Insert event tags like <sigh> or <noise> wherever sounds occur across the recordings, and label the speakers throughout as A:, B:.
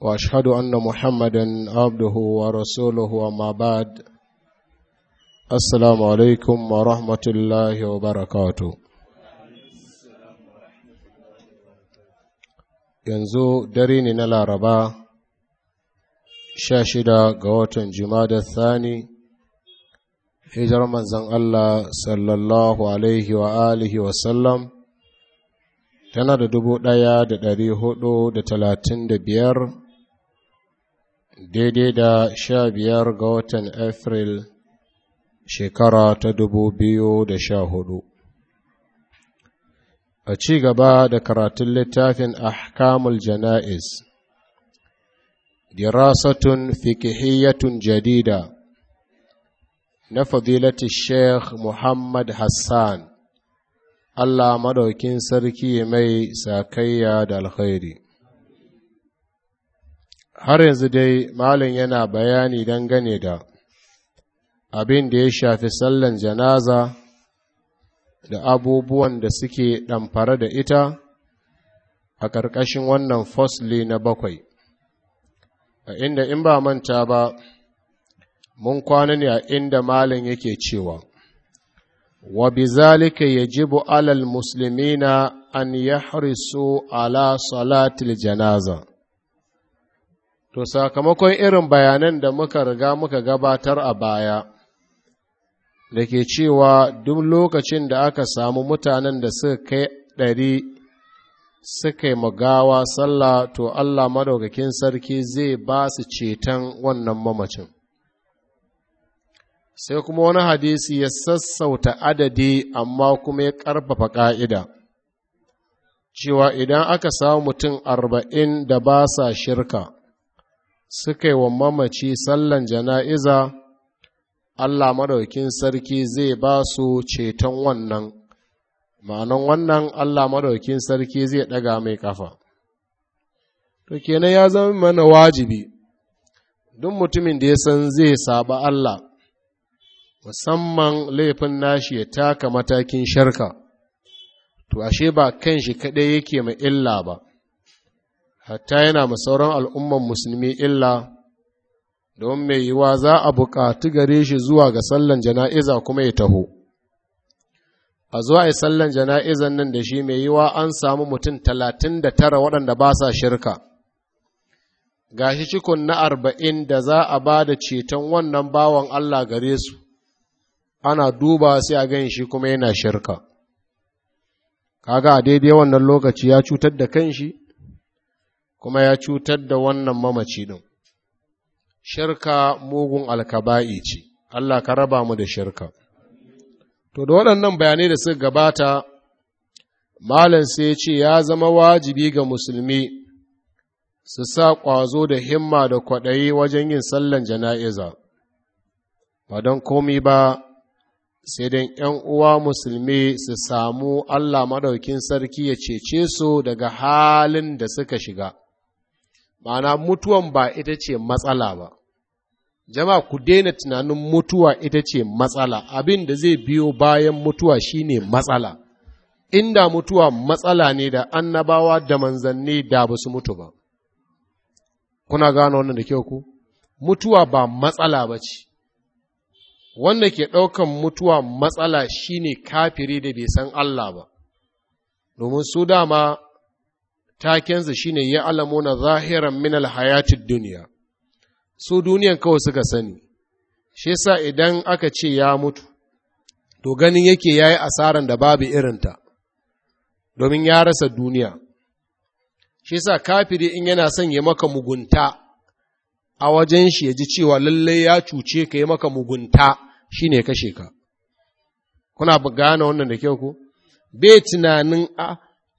A: واشهد ان محمدا عبده ورسوله وما بعد السلام عليكم ورحمه الله وبركاته yanzu dare ne na laraba sha shida ga watan da Sani. hijar manzan allah sallallahu alaihi wa alihi tana da dubu ɗaya da ɗari hudu da talatin da biyar daidai da sha biyar ga watan Afril shekara ta dubu biyu da sha hudu. A ci gaba da karatun littafin Ahkamul Jana'iz, dirasatun fikihiyatun jadida na fadilati Sheikh Muhammad Hassan, Allah maɗaukin sarki mai sakayya da alkhairi. har yanzu dai malin yana bayani dangane da abin da ya shafi sallan janaza da abubuwan da suke ɗamfara da ita a ƙarƙashin wannan fosli na bakwai a inda in ba manta ba mun kwana ne a inda malin yake cewa wa ji yajibu alal muslimina an yahrisu ala salatil janaza To, sakamakon irin bayanan da muka riga muka gabatar a baya, da ke cewa duk lokacin da aka samu mutanen da suka kai ɗari suka yi magawa sallah to Allah madaukakin sarki zai ba su ceton wannan mamacin. Sai kuma wani hadisi ya sassauta adadi amma kuma ya ƙarfafa ƙa'ida, cewa idan aka samu mutum arba'in da ba sa shirka, suka yi wa mamaci sallan jana'iza, Allah maɗaukin sarki zai ba su ceton wannan, ma'anan wannan Allah maɗaukin sarki zai ɗaga mai ƙafa. To kenan ya zama mana wajibi, duk mutumin da ya san zai saba Allah, musamman laifin nashi ya taka matakin sharka, to ashe ba kan shi kaɗai yake mai illa ba. hatta yana ma sauran al'umman musulmi illa don mai yiwa za a buƙatu gare shi zuwa ga sallan jana'iza kuma ya taho a zuwa yi sallan jana'izan nan da shi mai yiwa an samu mutum talatin da tara waɗanda ba sa shirka gashi cikon na arba'in da za a ba da ceton wannan bawan Allah gare su ana duba sai a gan shi kuma yana shirka kaga a daidai wannan lokaci ya cutar da kan shi kuma ya cutar da wannan mamaci ɗin. Shirka mugun alkaba'i ce, Allah ka raba mu da shirka. To, da waɗannan bayanai da suka gabata, Malam sai ce ya zama wajibi ga musulmi su sa ƙwazo da himma da kwaɗayi wajen yin sallan jana'iza, ba don komi ba sai don ’yan uwa musulmi su samu Allah maɗaukin sarki ya cece su daga halin da suka shiga. ma'ana mutuwan ba ita ce matsala ba Jama ku daina tunanin mutuwa ita ce matsala abin da zai biyo bayan mutuwa shine matsala inda mutuwa matsala ne da annabawa da manzanni da ba su mutu ba kuna gano wannan da kyau ku mutuwa ba matsala ba ce wanda ke ɗaukan mutuwa matsala shine kafiri da bai san Allah ba domin su dama takensa shine ya alamuna zahiran minal hayatid duniya su duniyan kawai suka sani shi yasa idan aka ce ya mutu to ganin yake yayi asaran da babu irin ta domin ya rasa duniya shi yasa kafiri in yana son ya maka mugunta a wajen shi ya ji cewa lallai ya cuce ka yi maka mugunta shine kashe ka kuna gane wannan da kyau ko bai tunanin a ah,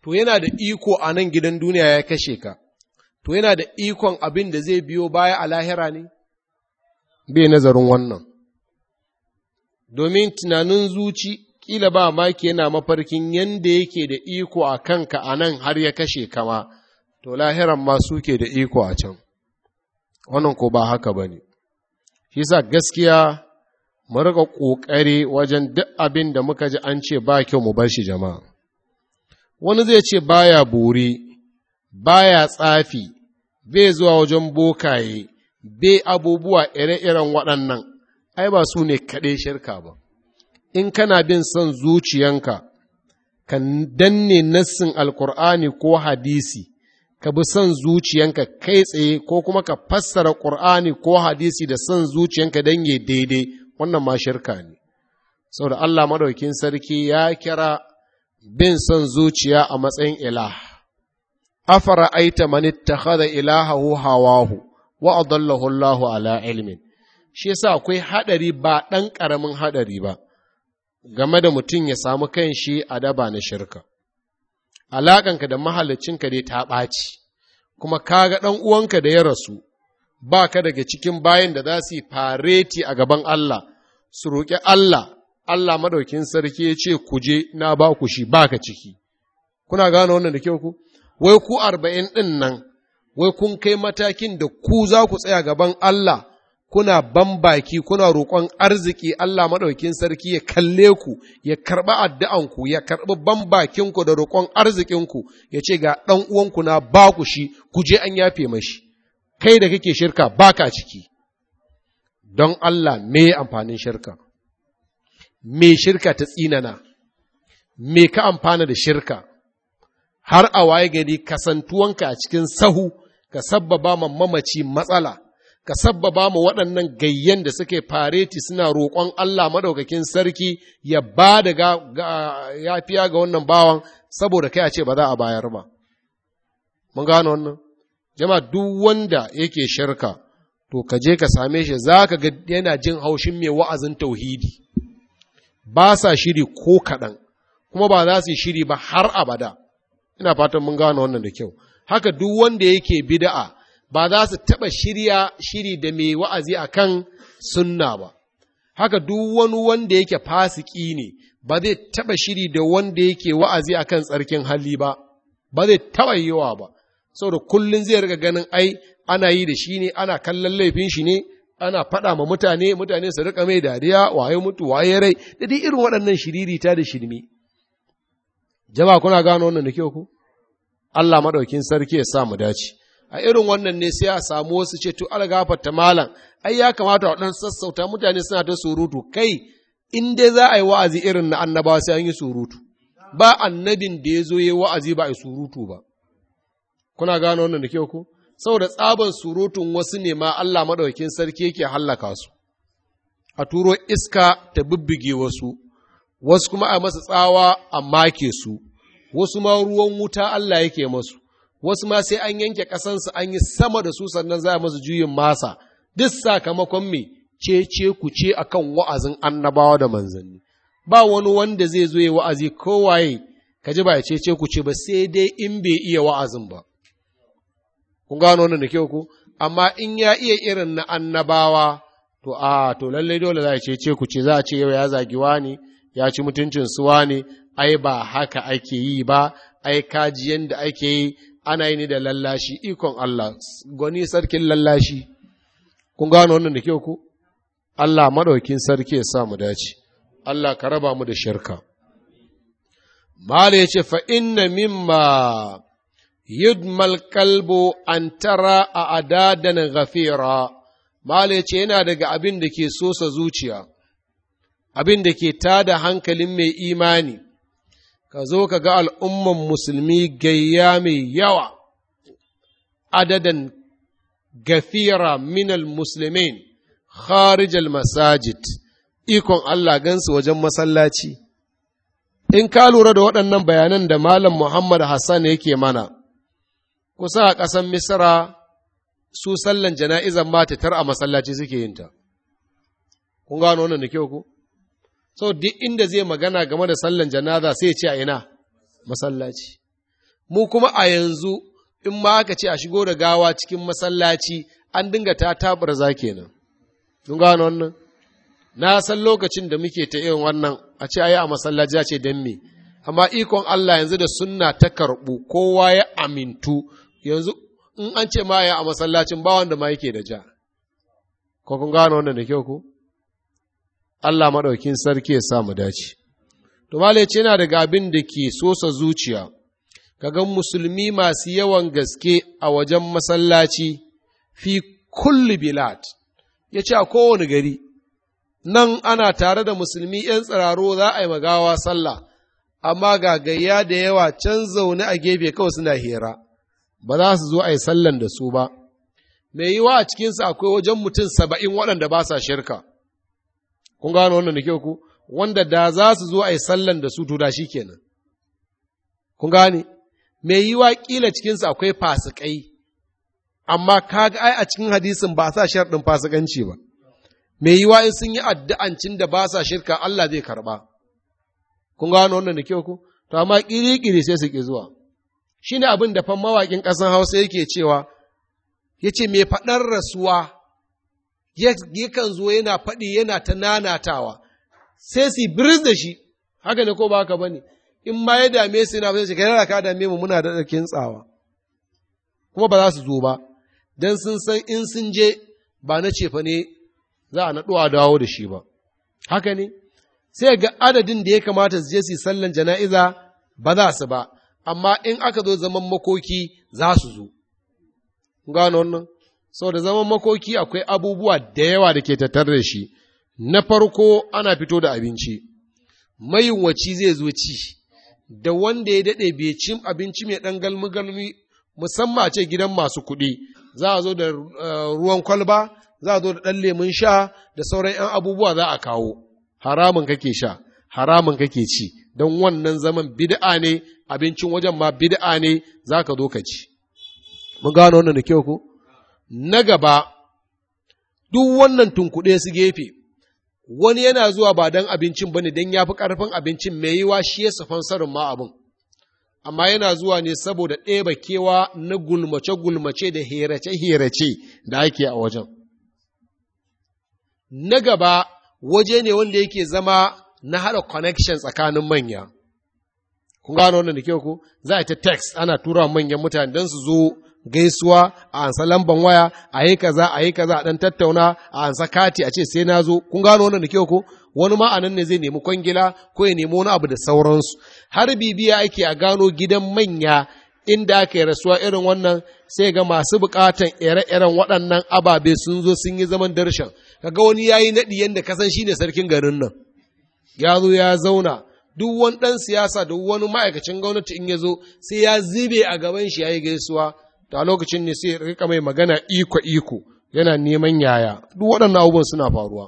A: to yana da iko a nan gidan duniya ya kashe ka, to yana da ikon abin da zai biyo baya a lahira ne? Bai nazarin wannan. Domin tunanin zuci, ƙila ba maki yana mafarkin yanda yake da iko a kanka a nan har ya kashe kama, to lahiran ma suke da iko a can. Wannan ko ba haka ba ne. Shi sa gaskiya mu riƙa ƙoƙari wajen duk abin da muka ji an ce ba kyau mu bar shi jama'a. wani zai ce baya bore, baya tsafi, bai zuwa wajen bokaye, bai abubuwa ire-iren waɗannan, ai ba su ne kaɗai shirka ba. In kana bin son zuciyanka, ka danne nassin alkur'ani ko hadisi, ka bi son zuciyanka kai tsaye ko kuma ka fassara ƙur'ani ko hadisi da son zuciyanka don ya daidai, wannan ma shirka ne. Saboda Allah madaukin sarki ya kira bin son zuciya a matsayin ilah afara aita man ittakhadha ilahahu hawahu wa adallahu Allahu ala ilmin shi yasa akwai haɗari ba ɗan ƙaramin haɗari ba game da mutum ya samu shi a daba na shirka alaƙanka da mahalicinka dai ta ɓaci kuma kaga ɗan uwanka da ya rasu ba ka daga cikin bayan da za su yi fareti a gaban Allah su roƙi Allah Allah madaukin sarki ya ce ku je na ba ku shi baka ciki kuna gane wannan da kyau ku wai ku arba'in ɗin nan wai kun kai matakin da ku za ku tsaya gaban Allah kuna bambaki kuna roƙon arziki Allah maɗaukin sarki ya kalle ku ya karɓi ku, ya karɓi bambakinku da roƙon arzikinku ya ce ga ɗan uwanku na ba ku shi ku je an yafe mashi kai da kake shirka baka ciki don Allah me amfanin shirka me shirka ta tsinana me ka amfana da shirka har a waye gari kasantuwanka a cikin sahu ka sabbaba ma mamaci matsala ka sabbaba ma waɗannan gayyan da suke fareti suna roƙon Allah maɗaukakin sarki ya ba da yafiya ga wannan bawan saboda kai a ce ba za a bayar ba. Mun gano wannan? Jama duk wanda yake shirka, to ka je ka same shi za ka ga yana jin haushin mai wa'azin tauhidi. ba sa shiri ko kaɗan kuma ba za su yi shiri ba har abada ina fatan mun gano wannan da kyau haka duk wanda yake bida'a ba za su taɓa shirya shiri da mai wa'azi a kan sunna ba haka duk wani wanda yake fasiki ne ba zai taɓa shiri da wanda yake wa'azi a kan tsarkin hali ba ba zai taɓa yiwa ba saboda kullum zai riga ganin ai ana yi da shi ne ana kallon laifin shi ne ana faɗa ma mutane mutane su rika mai dariya waye mutu waye rai da dai irin waɗannan shiririta da shirmi jama'a kuna gano wannan da kyau ku Allah madaukin sarki ya sa mu dace a irin wannan ne sai a samu wasu ce to an gafarta malam ai ya kamata a sassauta mutane suna ta surutu kai in dai za a yi wa'azi irin na annabawa sai an yi surutu ba annabin da ya zo ya wa'azi ba a yi surutu ba kuna gano wannan da kyau ku saboda tsaban surutun wasu ne ma Allah maɗaukin sarki yake hallaka su, a turo iska ta bibbige wasu, wasu kuma a masa tsawa a make su, wasu ma ruwan wuta Allah yake masu, wasu ma sai an yanke ƙasansu an yi sama da su sannan za a masu juyin masa, duk sakamakon me ce ce ku ce akan wa'azin annabawa da manzanni. Ba wani wanda zai zo ya wa'azi kowaye, ka ji ba ya ce ce ku ce ba sai dai in bai iya wa'azin ba. kun gano wannan da kyau ku amma in ya iya irin na annabawa to a to lalle dole za a ce ce ku ce za a ce yau ya zagi wani ya ci mutuncin suwa ne? ai ba haka ake yi ba ai kaji yanda ake yi ana yi ni da lallashi ikon Allah gwani sarkin lallashi kun gano wannan da kyau ku Allah madaukin sarki ya sa mu dace Allah ka raba mu da shirka Mala ya ce, Fa'inna mimma yudmal kalbu an tara a adadan ghafira Male ce yana daga abin da ke sosa zuciya abin da ke tada hankalin mai imani ka zo ka ga al'umman musulmi gayya mai yawa adadan gafira minal musulmin kharijal masajid ikon Allah gansu wajen masallaci in ka lura da waɗannan bayanan da Malam Muhammad Hassan yake mana kusa a ƙasan misira su sallan jana'izan matatar tar a masallaci suke yin ta kun gano wannan da kyau ku so duk inda zai magana game da sallan janaza sai ce a ina masallaci mu kuma a yanzu in ma aka ce a shigo da gawa cikin masallaci an dinga ta tabar za kenan kun gano wannan na san lokacin da muke ta yin wannan a ce a yi a masallaci a ce dan me amma ikon Allah yanzu da sunna ta karɓu kowa ya amintu yanzu in an ce maya a masallacin ba wanda ma yake da ja ko kun gano wannan da kyau ku Allah maɗaukin sarki ya samu dace to malai ce yana daga abin da ke sosa zuciya Ka kaga musulmi masu yawan gaske a wajen masallaci fi kulli bilad ya ce a kowane gari nan ana tare da musulmi ‘yan tsiraro za a yi magawa sallah, amma ga gayya da yawa can zaune a gefe kawai suna hira, ba za su zo a yi sallan da su ba, mai yiwa a cikinsu akwai wajen mutum saba'in waɗanda ba sa shirka, kun gano wannan da kyau ku, wanda da za su zo a yi sallan da su to da shi kenan. Kun gane, mai yiwa ƙila cikinsu akwai fasikai, amma kaga ai a cikin hadisin ba sa sharɗin fasikanci ba. Mai yiwa in sun yi addu'ancin da ba sa shirka Allah zai karɓa. Kun gano wannan da kyau ku? To amma ƙiri-ƙiri sai su ƙi zuwa. shi ne abin da fan mawaƙin ƙasan Hausa yake cewa, ya ce, mai faɗar rasuwa, yakan zo yana faɗi yana ta nanatawa, sai su biris da shi, haka ne ko ba haka ba ne, in ma ya dame su yana fashe, kai ka dame mu muna da ɗarkin tsawa, kuma ba za su zo ba, don sun san in sun je ba na cefa ne za a naɗuwa a dawo da shi ba, haka ne, sai ga adadin da ya kamata su je su yi sallan jana'iza ba za su ba, amma in aka zo zaman makoki za su zo. Gano wannan? Sau da zaman makoki akwai abubuwa da yawa da ke tattare da shi, na farko ana fito da abinci, mayunwaci zai zo ci, da wanda ya daɗe bai cin abinci mai ɗan galmi-galmi musamman a ce gidan masu kuɗi, za a zo da eh, ruwan kwalba, za a zo da ɗan lemun sha da sauran ‘yan abubuwa za a kawo, haramun kake sha, haramun kake ci, don wannan zaman bid'a ne abincin wajen ma bid'a ne za ka zo ka ci mun gano wannan da kyau ko na gaba duk wannan tunkuɗe su gefe wani yana zuwa ba don abincin bane don ya fi ƙarfin abincin mai yiwa shi ya safan sarin ma abin amma yana zuwa ne saboda ɗeba kewa na gulmace-gulmace da herace-herace da ake a wajen na gaba waje ne wanda yake zama na haɗa connection tsakanin manya kun gano wannan da kyau ko za a ta text ana tura manyan mutane don su zo gaisuwa a ansa lamban waya a yi kaza a yi kaza a dan tattauna a ansa kati a ce sai na zo kun gano wannan da kyau ko wani ma ne zai nemi kwangila ko ya nemi wani abu da sauransu har bibiya ake a gano gidan manya inda aka yi rasuwa irin wannan sai ga masu bukatan ire-iren waɗannan ababe sun zo sun yi zaman darshan ka ga wani ya yi naɗi yadda kasan ne sarkin garin nan ya zo ya zauna duk wani ɗan siyasa duk wani ma'aikacin gwamnati in ya zo sai ya zibe a gaban shi ya yi gaisuwa ta lokacin ne sai rika mai magana iko iko yana neman yaya duk waɗannan abubuwan suna faruwa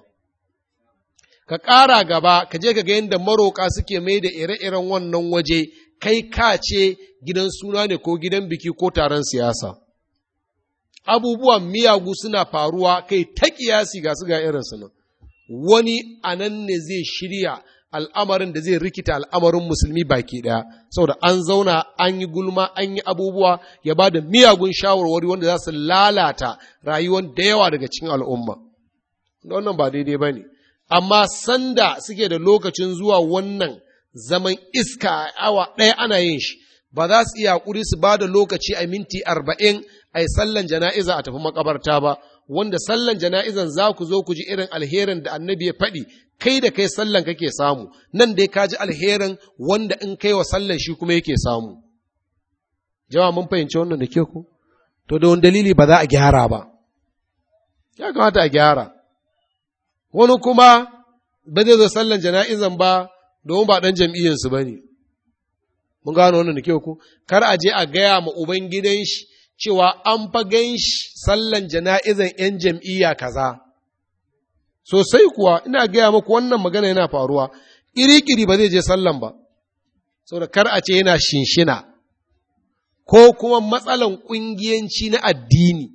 A: ka ƙara gaba ka je ka ga yadda maroka suke mai da ire-iren wannan waje kai ka ce gidan suna ne ko gidan biki ko taron siyasa abubuwan miyagu suna faruwa kai ta kiyasi ga su ga irin nan wani anan ne zai shirya al'amarin da zai rikita al'amarin musulmi baki ɗaya saboda an zauna an yi gulma an yi abubuwa ya ba da miyagun shawarwari wanda za su lalata rayuwar da yawa daga cikin al'umma wannan ba daidai ba ne amma sanda suke da lokacin zuwa wannan zaman iska a awa ɗaya ana yin shi ba za su iya haƙuri su ba da lokaci a minti arba'in a yi sallan jana'iza a tafi makabarta ba wanda sallan jana'izan za ku zo ku ji irin alherin da annabi ya faɗi kai da kai sallan kake samu nan dai ka ji alherin wanda in kai wa sallan shi kuma yake samu Jawa mun fahimci wannan da ke ku to da wani dalili ba za a gyara ba ya kamata a gyara wani kuma ba zai zo sallan jana'izan ba domin ba ɗan jam'iyyarsu ba ne mun gano wannan da ke ku kar a je a gaya ma uban gidan shi cewa an fagen shi sallan jana'izan ‘yan jam'iyya kaza. Sosai kuwa ina gaya maku wannan magana yana faruwa, ƙiri-ƙiri ba zai je sallan ba, da kar a ce yana shinshina, ko kuma matsalan ƙungiyanci na addini,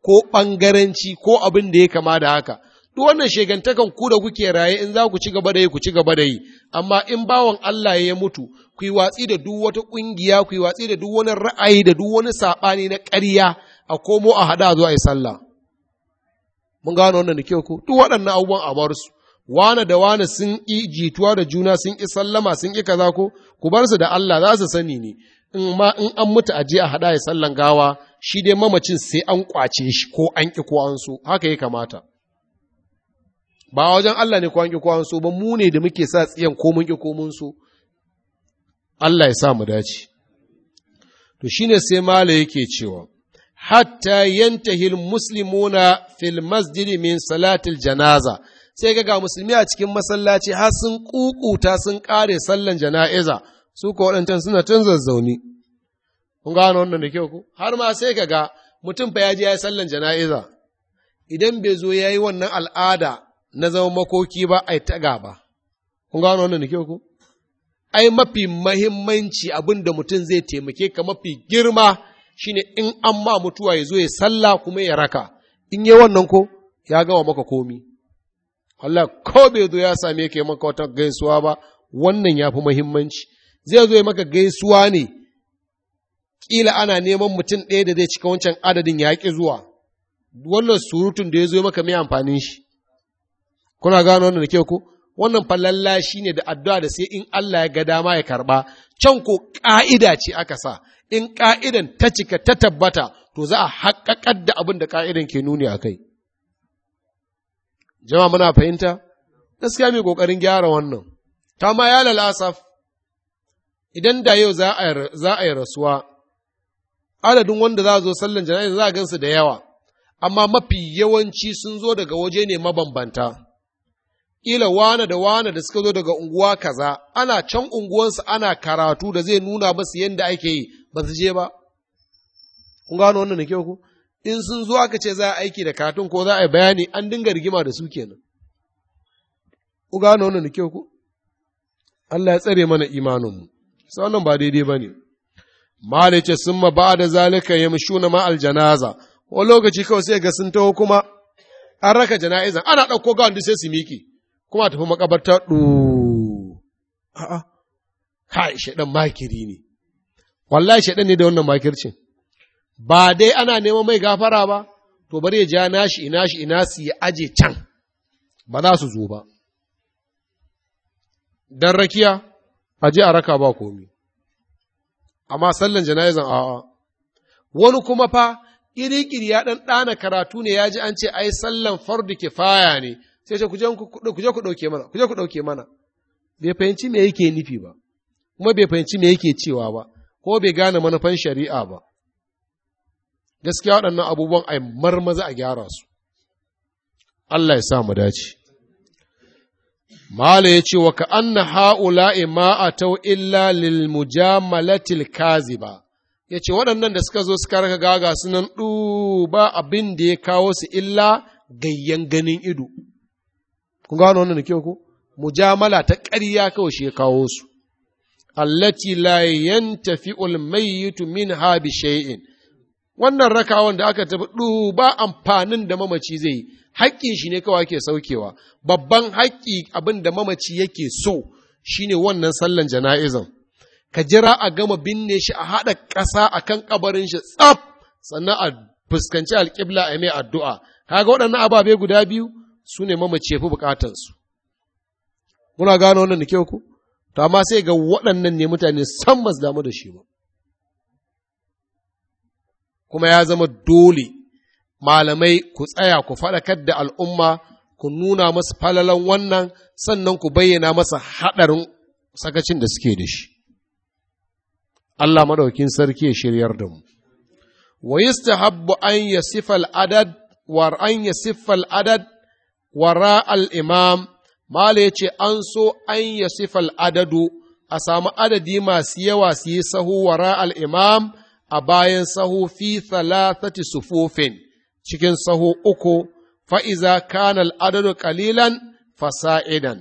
A: ko ɓangaranci, ko abin da ya kama da haka, duk wannan shegantakan ku da kuke raye in za ku ci gaba da yi ku ci gaba da yi amma in bawan Allah ya mutu ku yi watsi da duk wata kungiya ku yi watsi da duk wani ra'ayi da duk wani sabani na ƙarya a komo a hada zuwa yi sallah mun gano wannan da kyau ku duk waɗannan abubuwan a bar su wane da wane sun ƙi jituwa da juna sun ƙi sallama sun ƙi kaza ko ku bar su da Allah za su sani ne in ma in an mutu a je a hada a sallan gawa shi dai mamacin sai an kwace shi ko an ƙi ko an so haka ya kamata ba wajen Allah ne kwan ki kwan so ba mu ne da muke sa tsiyan ko mun ki ko so Allah ya sa mu dace to shine sai mala yake cewa hatta yantahil muslimuna fil masjid min salatil janaza sai ga ga musulmi a cikin masallaci har sun kukuta sun kare sallan jana'iza su ko waɗancan suna tun zazzauni kun gano wannan da kyau ko har ma sai ga mutum fa ya je ya yi sallan jana'iza idan bai zo ya yi wannan al'ada na zama makoki ba a taga ba, Kun gano wannan da ku? Ai, mafi mahimmanci abin da mutum zai taimake ka mafi girma shine in an ma mutuwa ya zo ya sallah kuma ya raka, in yi wannan ko ya gama maka komi. Allah ko bai zo ya same ka maka wata gaisuwa ba, wannan ya fi mahimmanci. Zai zo ya maka gaisuwa ne, ƙila ana neman mutum ɗaya da zai cika wancan adadin ya zuwa. Wannan surutun da ya zo maka mai amfanin shi. kuna gano wannan da kyau ko wannan fa shine ne da addu'a da sai in Allah ya ga dama ya karba can ko ƙa'ida ce aka sa, in ƙa'idan ta cika ta tabbata, to za a haƙaƙar da abin da ƙa'idan ke nuni a kai. Jama muna fahimta? Gaskiya mai kokarin gyara wannan, ta ma ya lalasaf, idan da yau za a yi rasuwa, adadin wanda za a zo sallan jana'iza za a gansu da yawa, amma mafi yawanci sun zo daga waje ne mabambanta. ƙila wane da wane da suka zo daga unguwa kaza ana can unguwansu ana karatu da zai nuna masu yadda ake yi ba su je ba kun gano wannan da kyau ku in sun zo aka ce za a aiki da katun ko za a yi bayani an dinga rigima da su kenan kun gano wannan da kyau ku Allah ya tsare mana imaninmu sai wannan ba daidai ba ne malice sun ma ba da zalika ya mashuna ma aljanaza wani lokaci kawai sai ga sun taho kuma an raka jana'izan ana ɗauko ga wanda sai su miki kuma tafi makabarta ɗo a'a kai ɗan makiri ne wallahi ɗan ne da wannan makircin ba dai ana neman mai gafara ba to bari ya ja nashi ina shi ina su yi aje can ba za su zo ba dan rakiya aje a raka ba komi amma sallan jana'izan a'a wani kuma fa ƙiri-ƙiri ya ɗan ɗana karatu ne ya ji an ce ai sallan fardu kifaya ne sai ce ku je ku ɗauke mana ku je ku ɗauke mana bai fahimci me yake nufi ba kuma bai fahimci me yake cewa ba ko bai gane manufan shari'a ba gaskiya waɗannan abubuwan a marmaza a gyara su Allah ya sa mu dace Mala ya ce wa ka anna ha'ula'i ma'atau illa lil mujamalatil kaziba ya ce waɗannan da suka zo suka raka gaga sunan ba abin da ya kawo su illa gayyan ganin ido kun gano wannan da kyau ko mujamala ta ƙarya kawai shi ya kawo su allati la yantafi'ul mayyitu minha bi shay'in wannan rakawan da aka tafi duba amfanin da mamaci zai yi haƙƙin shi ne kawai ke saukewa babban haƙƙi abinda mamaci yake so shine wannan sallan jana'izan ka jira a gama binne shi a haɗa ƙasa akan kan ƙabarin shi tsaf sannan a fuskanci alƙibla a mai addu'a kaga waɗannan ababe guda biyu su ne mamace ya fi bukatansu muna gano wannan da kyau ku to amma sai ga waɗannan ne mutane san damu da shi ba kuma ya zama dole malamai ku tsaya ku faɗakar da al'umma ku nuna masu falalan wannan sannan ku bayyana masa haɗarin sakacin da suke da shi Allah maɗaukin sarki ya shiryar da mu wa yi an yasifa adad an yasifa adad wara al'imam, Mala ya ce an so an ya sifal adadu a samu adadi masu yawa su yi sahu wara al'imam a bayan sahu fi thalathati sufufin cikin sahu uku fa'iza kanal adadu kalilan fasa'idan.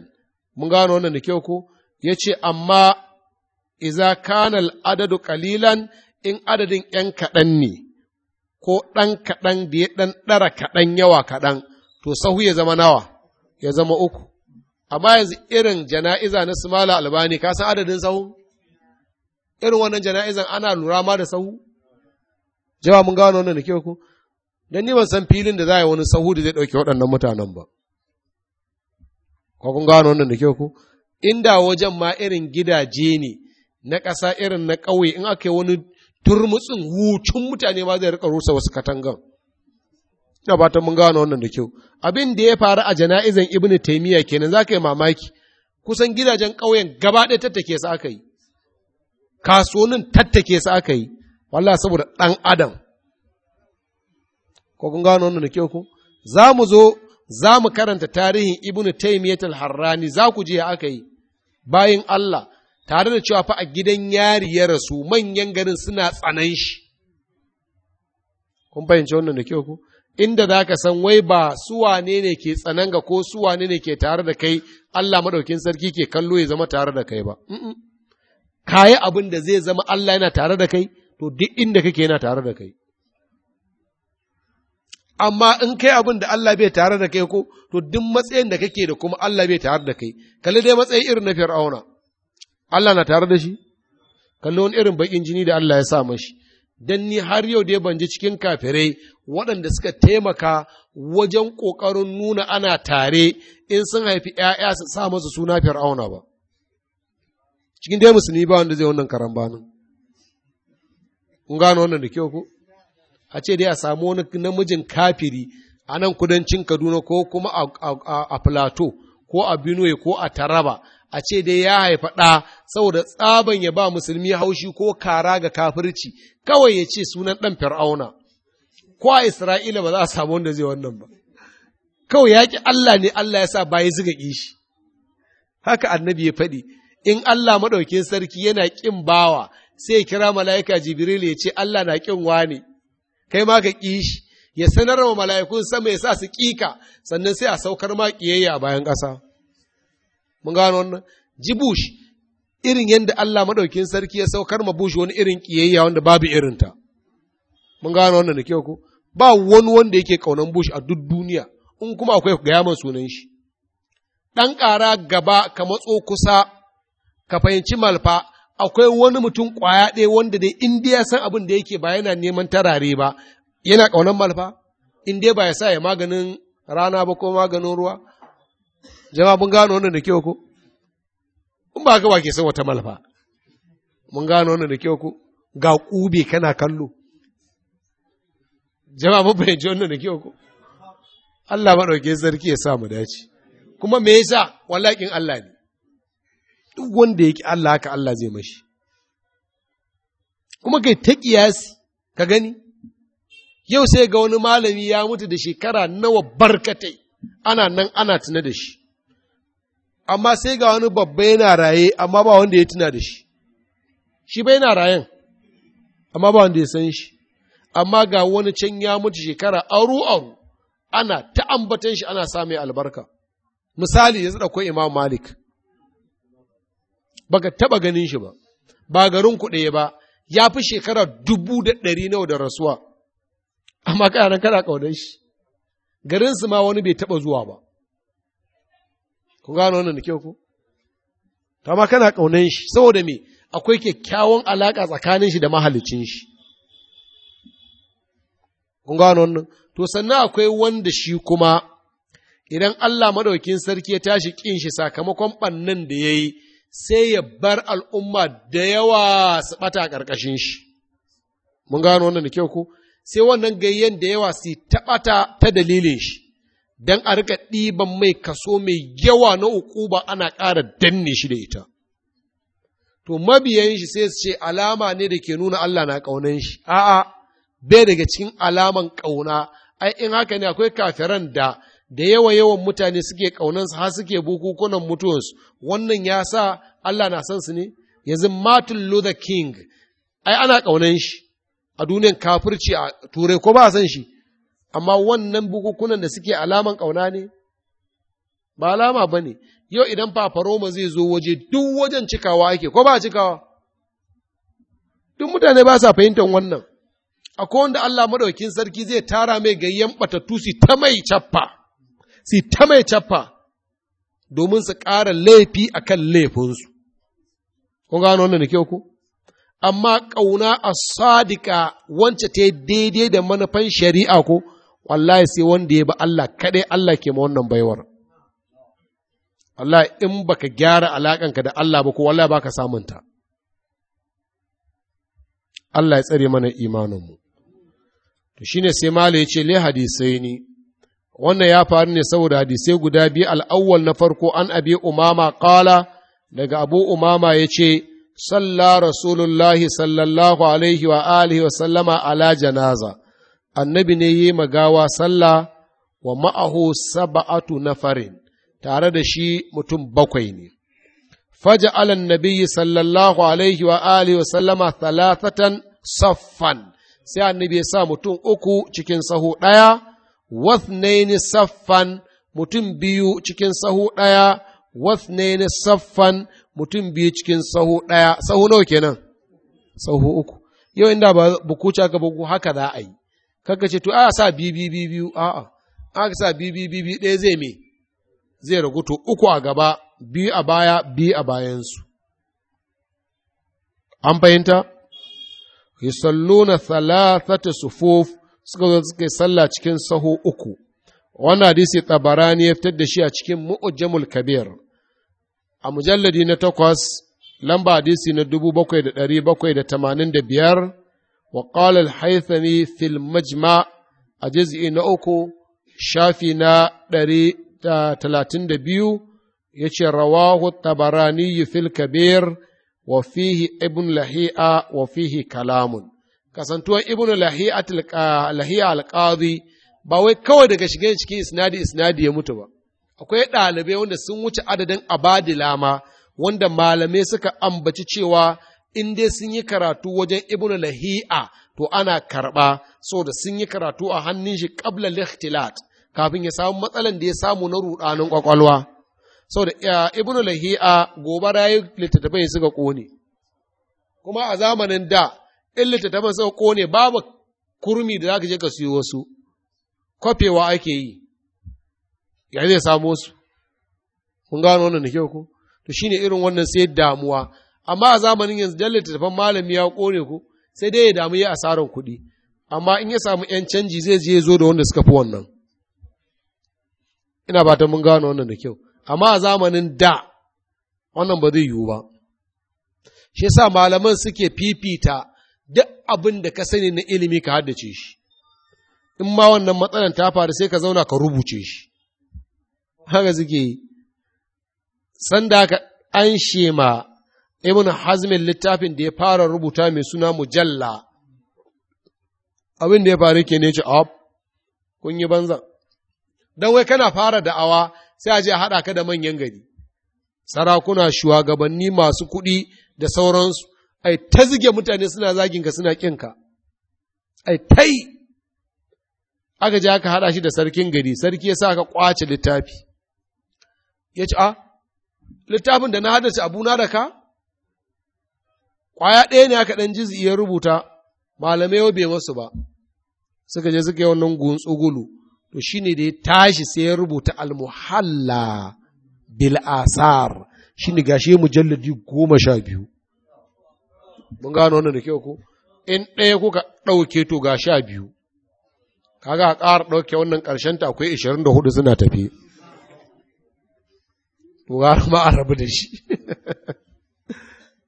A: Mun gano wannan da ku? Ya ce, amma iza kanal adadu kalilan in adadin ’yan kaɗan ne, ko ɗan kaɗan da ya ɗan ɗara kaɗan yawa kaɗan. to sahu ya zama nawa ya zama uku amma yanzu irin jana'iza na sumala albani ka san adadin sahu irin wannan jana'izan ana lura ma da sahu jawa mun gano wannan da ke ku dan ni ban san filin da za yi wani sahu da zai dauke waɗannan mutanen ba ko kun gano wannan da ke ku inda wajen ma irin gidaje ne na ƙasa irin na ƙauye in aka yi wani turmutsin hucin mutane ma zai rika rusa wasu katangan ya ba ta mun gano wannan da kyau. Abin da ya faru a jana'izan Ibn Taymiyyah kenan za ka yi mamaki. Kusan gidajen ƙauyen gaba ɗaya tattake su aka yi. Kasuwanin tattake su aka yi. Wallahi saboda ɗan Adam. Ko kun gano wannan da kyau ko? Za mu zo za mu karanta tarihin Ibn Taymiyyah al-Harrani za ku je aka yi. Bayin Allah tare da cewa fa a gidan yari ya rasu manyan garin suna tsanan shi. Kun fahimci wannan da kyau ko? inda za ka san wai ba suwane ne ke tsananga ko suwane ne ke tare da kai Allah maɗaukin sarki ke kallo ya zama tare da kai ba. Ka yi abin da zai zama Allah yana tare da kai, to duk inda kake yana tare da kai. Amma in kai abin da Allah bai tare da kai ko, to duk matsayin da kake da kuma Allah bai tare da kai, kalli dai matsayin irin na Fir'auna, Allah na tare da shi? Kalli wani irin baƙin jini da Allah ya sa mashi, don ni har yau dai ban ji cikin kafirai waɗanda suka taimaka wajen ƙoƙarin nuna ana tare in sun haifi ‘ya'ya su sa masa suna fir'auna ba. Cikin dai musulmi ba wanda zai wannan karambanin. Kun gano wannan da kyau ko? A ce dai a samu wani namijin kafiri a nan kudancin Kaduna ko kuma a Plateau ko a Benue ko a Taraba a ce dai ya haifa ɗa saboda tsaban ya ba musulmi haushi ko kara ga kafirci kawai ya ce sunan ɗan fir'auna ko a isra'ila ba za a samu wanda zai wannan ba kawai ya ƙi Allah ne Allah ya sa baya ziga kishi haka annabi ya faɗi in Allah maɗaukin sarki yana ƙin bawa sai ya kira mala'ika jibril ya ce Allah na ƙin ne, kai ma ka ƙishi, ya sanar wa mala'ikun sama ya sa su ƙika sannan sai a saukar ma ƙiyayya bayan ƙasa mun gano wannan ji bush irin yadda Allah madaukin sarki ya saukar ma bush wani irin kiyayya wanda babu irinta mun gano wannan da kyau ko ba wani wanda yake kaunan bush a duk duniya in kuma akwai ga yaman sunan shi ɗan ƙara gaba ka matso kusa ka fahimci malfa akwai wani mutum kwaya ɗaya wanda dai in ya san abin da yake ba yana neman tarare ba yana kaunan malfa in dai ba ya sa ya maganin rana ba ko maganin ruwa jama'a mun gano wannan da kyau ko in ba ka wake ke san wata malfa mun gano wannan da kyau ko ga kube kana kallo jama'a mun fahimci wannan da kyau ko Allah dauke sarki ya sa mu dace kuma me yasa wallakin Allah ne duk wanda yake Allah haka Allah zai mashi kuma kai ta kiyasi ka gani yau sai ga wani malami ya mutu da shekara nawa barkatai ana nan ana tuna da shi amma sai ga wani babba yana raye amma ba wanda ya tuna da shi shi ba yana rayen amma ba wanda ya san shi amma ga wani can ya mutu shekara aru aru ana ta ambatan shi ana sami albarka misali yanzu ɗauko imam malik ba baka taba ganin shi ba ba garin kuɗe ba ya fi shekara dubu da ɗari nawa da rasuwa amma kana nan kana ƙaunar shi garinsu ma wani bai taɓa zuwa ba Ku gano wannan da kyau ta Kama kana kaunan shi, saboda me akwai kyakkyawan alaƙa tsakanin shi da mahalicin shi. Kun gano wannan? To sannan akwai wanda shi kuma idan Allah maɗaukin sarki ya tashi ƙin shi sakamakon ɓannan da ya yi, sai ya bar al'umma da yawa su ɓata a ƙarƙashin shi. Mun gano wannan da kyau ku? Sai wannan gayyen da yawa su taɓata ta dalilin shi. don a rika ɗiban mai kaso mai yawa na ukuba ana ƙara danne shi da ita. To mabiyan shi sai su ce alama ne da ke nuna Allah na ƙaunan shi, a'a, bai daga cikin alaman ƙauna, ai in haka ne akwai kafiran da da yawa yawan mutane suke ƙaunansu har suke bukukunan mutuwansu, wannan ya sa Allah na son su ne? Yanzu Martin Luther King, ai ana ƙaunan shi a duniyan kafirci a turai ko ba san shi amma wannan bukukunan da suke alaman ƙauna ne? Ba alama ba ne, yau idan fafaroma zai zo waje duk wajen cikawa ake, ko ba cikawa? Duk mutane ba sa fahimtar wannan, akwai wanda Allah maɗaukin sarki zai tara mai gayyan batattu si ta mai cappa, si ta mai cappa, domin su ƙara laifi a kan laifinsu. Kun gano wannan da kyau ku? Amma ƙauna a sadika wance ta daidai da manufan shari'a ko, wallahi sai wanda ya ba Allah kaɗai Allah ke ma wannan baiwar wallahi in baka gyara alaƙanka da Allah ba ko wallahi baka samunta Allah ya tsare mana imaninmu to shine sai mala ya ce le hadisai ni wannan ya faru ne saboda hadisai guda biyu al'awwal na farko an abi umama ƙala daga abu umama ya ce salla sallallahu alaihi wa alihi wa sallama ala janaza annabi ne yi magawa sallah wa ma'ahu saba'atu nafarin tare da shi mutum bakwai ne. Faja alan nabiyyi sallallahu alaihi wa alihi wa sallama talatatan saffan sai annabi ya sa mutum uku cikin sahu ɗaya, wathnaini saffan mutum biyu cikin sahu ɗaya, wathnaini saffan mutum biyu cikin sahu ɗaya, sahu nawa kenan? Sahu uku. Yau inda ba bukuci aka bugu haka za a yi. kaga ce to a sa bibi a a'a aka sa bibi bibi ɗaya zai me zai ragu to uku a gaba biyu a baya biyu a bayansu an fahimta yusalluna thalathata sufuf suka zo suka sallah cikin saho uku wannan hadisi tabarani ya fitar da shi a cikin mu'jamul kabir a mujalladi na takwas lamba hadisi na dubu bakwai da ɗari bakwai da tamanin da biyar وقال الحيثمي في المجمع أجزء نأكو na دري تلاتين دبيو يشي رواه الطبراني في الكبير وفيه ابن لحيئة وفيه كلام kasantuwar ibn lahiya alƙazi ba wai kawai daga shigen cikin isnadi isnadi ya mutu ba akwai ɗalibai wanda sun wuce adadin abadila ma wanda malamai suka ambaci cewa in dai sun yi karatu wajen ibnu lahi'a to ana karɓa so da sun yi karatu a hannun shi kabla lihtilat kafin ya samu matsalan da ya samu na rudanin kwakwalwa so da ibnu lahi'a gobara ya littattafai suka kone kuma a zamanin da in littattafan suka kone babu kurmi da zaka je ka siyo wasu kwafewa ake yi ya zai samu su kun gano wannan da kyau ko to shine irin wannan sai damuwa amma a zamanin yanzu da littattafan malami ya kone ku sai dai ya damu ya asarar kuɗi amma in ya samu ‘yan canji zai je zo da wanda suka fi wannan ina ba ta mun gano wannan da kyau amma a zamanin da wannan ba zai yiwu ba shi sa malaman suke fifita duk abin da ka sani na ilimi ka haddace shi in ma wannan matsalan ta faru sai ka zauna ka rubuce shi haka suke yi sanda ka an shema ibn hazmin littafin da ya fara rubuta mai suna mujalla abin da ya faru ke ne ce op kun yi banza don wai kana fara da'awa sai a je a haɗa ka da manyan gari sarakuna shugabanni masu kuɗi da sauransu ai ta zige mutane suna zaginka suna ƙinka ai ta yi aka je aka haɗa shi da sarkin gari sarki ya sa ka kwace littafi ya ci, a ah, littafin da na haddace abuna da ka Kwaya ɗaya ne aka ɗan jizi iya rubuta malamai yau bai masu ba suka je suka yi wannan gulu to shi ne da ya tashi sai ya rubuta almuhalla bil asar ne gashi mujalladi goma sha biyu mun gano wannan da kyau ko in ɗaya kuka ɗauke to ga sha biyu kaga a ƙara ɗauke wannan ƙarshen ta akwai ishirin da hudu suna tafi to gara ma a rabu da shi <laughs>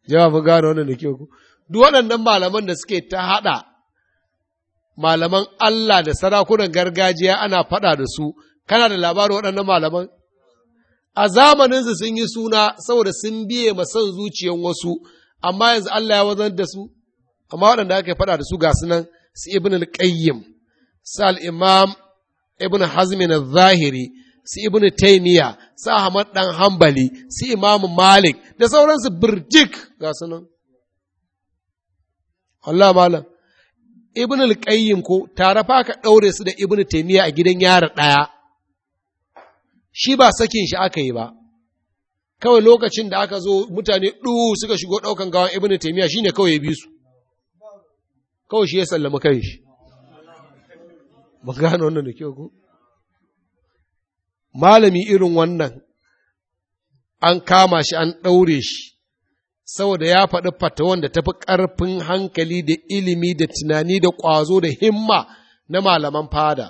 A: Jama mun gane wannan da kyau ku. Duk waɗannan malaman da suke ta haɗa malaman Allah da sarakunan gargajiya ana faɗa da su, kana da labarin waɗannan malaman? A zamaninsu sun yi suna saboda sun biye ma son zuciyan wasu, amma yanzu Allah ya wazan da su, amma waɗanda aka faɗa da su ga sunan nan su ibn al-qayyim, su al-imam ibn hazmin al-zahiri, su ibn taimiyya. su Ahmad Dan hambali, su Imam Malik, da sauransu birjik ga sunan. Allah malam, Ibn al-Qayyim ko tare fa ka daure su da Ibn Taymiyyah a gidan yara daya? Shi ba sakin shi aka yi ba. Kawai lokacin da aka zo mutane du suka shigo daukan gawan Ibn Taymiyyah shine kawai ya bi su. Kawai shi ya sallama kai shi. Ba gano wannan da kyau ko? malami irin wannan an kama shi an ɗaure shi saboda ya faɗi fatawan da tafi ƙarfin hankali da ilimi da tunani da ƙwazo da himma na malaman fada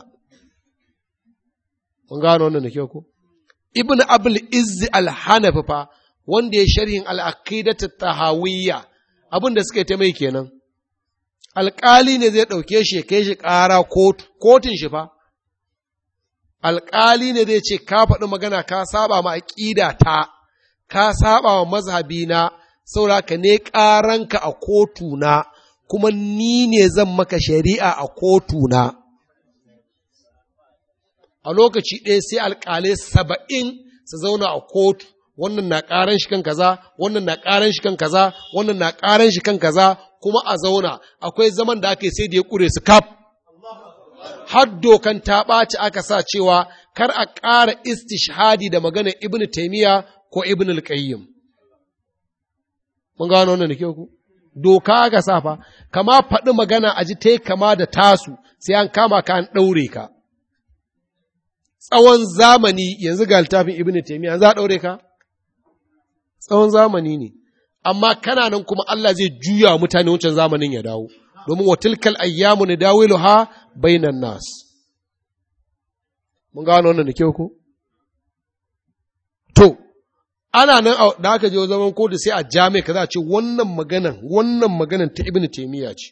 A: mun gano wannan da kyau ko ibn abul izzi al-hanafi fa wanda ya sharhin alakidatar tahawiyya abin da suka yi ta mai kenan alƙali ne zai ɗauke shi ya kai shi ƙara kotun shi fa alƙali ne zai ce ka faɗi magana ka saba ma aƙida ta ka saba wa mazhabi na sauraka ne ƙaranka a kotu na kuma ni ne zan maka shari'a a kotu na a lokaci ɗaya sai alƙalai saba'in su zauna a kotu wannan na ƙaran shi kan kaza wannan na ƙaran shi kan kaza wannan na ƙaran shi kan kaza kuma a zauna akwai zaman da aka yi sai da ya ƙure su kaf har dokan ta ɓaci aka sa cewa kar a ƙara istishhadi da magana ibn taimiya ko ibn alƙayyim. Mun gano wannan da ku? Doka aka sa fa, kama faɗi magana a ji ta kama da tasu sai an kama ka an ɗaure ka. Tsawon zamani yanzu ga littafin ibn taimiya za a ɗaure ka? Tsawon zamani ne, amma kana nan kuma Allah zai juya mutane wancan zamanin ya dawo. domin wa tilkal ayyamu nidawiluha bainan nas mun gano wannan da kyau ko to ana nan da aka je zaman kotu sai a jami'a kaza a ce wannan maganan wannan maganan ta ibnu taymiya ce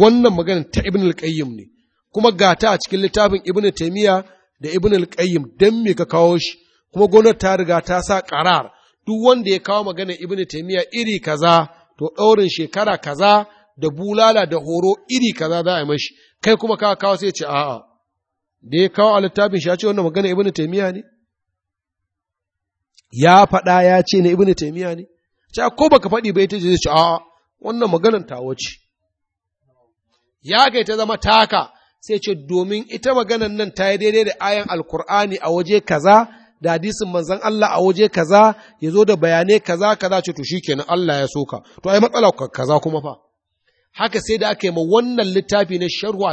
A: wannan maganan ta ibnu al-qayyim ne kuma gata a cikin littafin ibnu taymiya da ibnu al-qayyim dan me ka kawo shi kuma gwamnati ta riga ta sa karar duk wanda ya kawo maganar ibnu taymiya iri kaza to ɗaurin shekara kaza da bulala da horo iri kaza za a yi mashi kai kuma ka kawo sai ce a'a da ya kawo a littafin shi ya ce wannan magana ibn taymiya ne ya faɗa ya ce na ibn taymiya ne ce ko baka faɗi ba ita ce zai ce a'a wannan maganar ta wuce. ya kai ta zama taka sai ce domin ita maganar nan ta yi daidai da ayan alkur'ani a waje kaza da hadisin manzon Allah a waje kaza ya zo da bayanai kaza kaza ce to shikenan Allah ya soka to ai matsala kaza kuma fa haka sai da aka yi ma wannan littafi na sharhu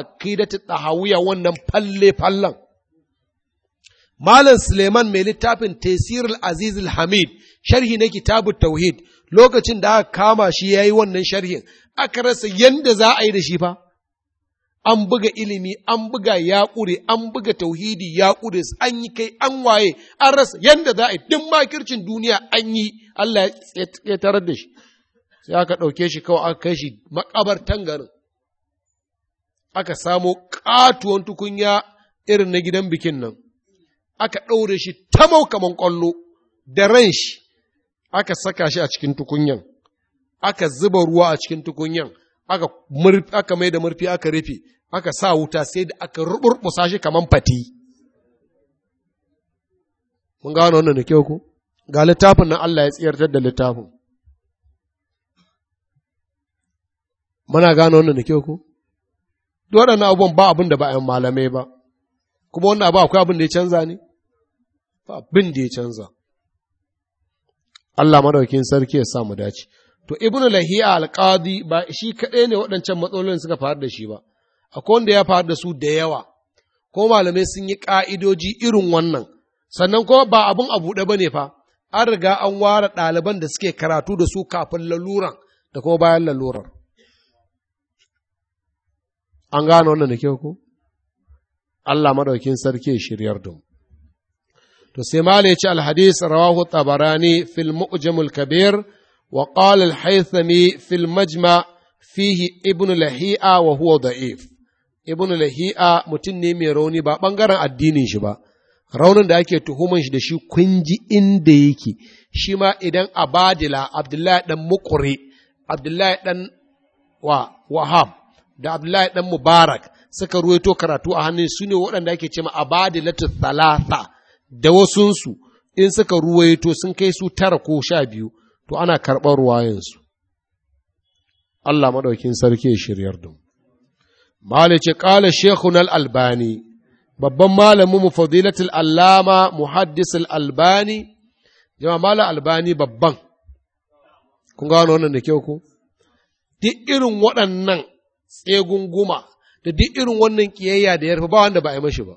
A: ta tahawiyya wannan falle fallan Malam Suleiman mai littafin Tesirul Aziz Hamid sharhi na kitabu Tauhid lokacin da aka kama shi ya yi wannan sharhin aka rasa yadda za a yi da shi fa an buga ilimi an buga ya ƙure an buga tauhidi ya ƙure an yi kai an waye an rasa Yadda za a yi duk makircin duniya an yi Allah ya tarar da shi sai aka ɗauke shi kawai aka kai shi makabartan garin aka samo ƙatuwan tukunya irin na gidan bikin nan aka ɗaure shi ta maukaman ƙwallo da ran shi aka saka shi a cikin tukunyan aka zuba ruwa a cikin tukunyan aka, mai da murfi aka rufe aka sa wuta sai da aka ruburbusa shi kaman fati mun gano wannan da kyau ko ga littafin nan Allah ya tsiyartar da littafin Muna gano wannan da kyau ko? Duk waɗannan abubuwan ba abin da ba a malamai ba, kuma wannan abu akwai abin da ya canza ne? Ba abin da ya canza. Allah maɗaukin sarki ya sa mu dace. To, Ibn Lahiya alƙadi ba shi kaɗai ne waɗancan matsalolin suka faru da shi ba, akwai wanda ya faru da su da yawa, ko malamai sun yi ƙa'idoji irin wannan, sannan kuma ba abin a buɗe ba ne fa, an riga an ware ɗaliban da suke karatu da su kafin laluran da kuma bayan lalurar. an gano wannan da ke ku Allah maɗaukin sarki shiryar dum to sai mala ci al hadith rawahu tabarani fil mu'jam al kabir wa qala al haythami fil majma fihi ibn lahi'a wa huwa da'if ibn lahi'a mutum ne mai rauni ba bangaren addinin shi ba raunin da ake tuhuman shi da shi kun ji inda yake shi ma idan abadila abdullahi dan mukuri abdullahi dan wa wahab da Abdullahi ɗan Mubarak suka ruwaito karatu a hannun su ne waɗanda ake ce ma abadilatu thalatha da wasunsu in suka ruwaito sun kai su tara ko sha biyu to ana karɓar ruwayensu. Allah maɗaukin sarki ya shiryar don. mu. Malice ƙala Shekun al-Albani, babban malamin mu fadilatul allama muhaddis albani jama malam albani babban, kun gano wannan da kyau ko? Duk irin waɗannan tsegunguma da duk irin wannan kiyayya da ya rufe ba wanda ba a yi mashi ba.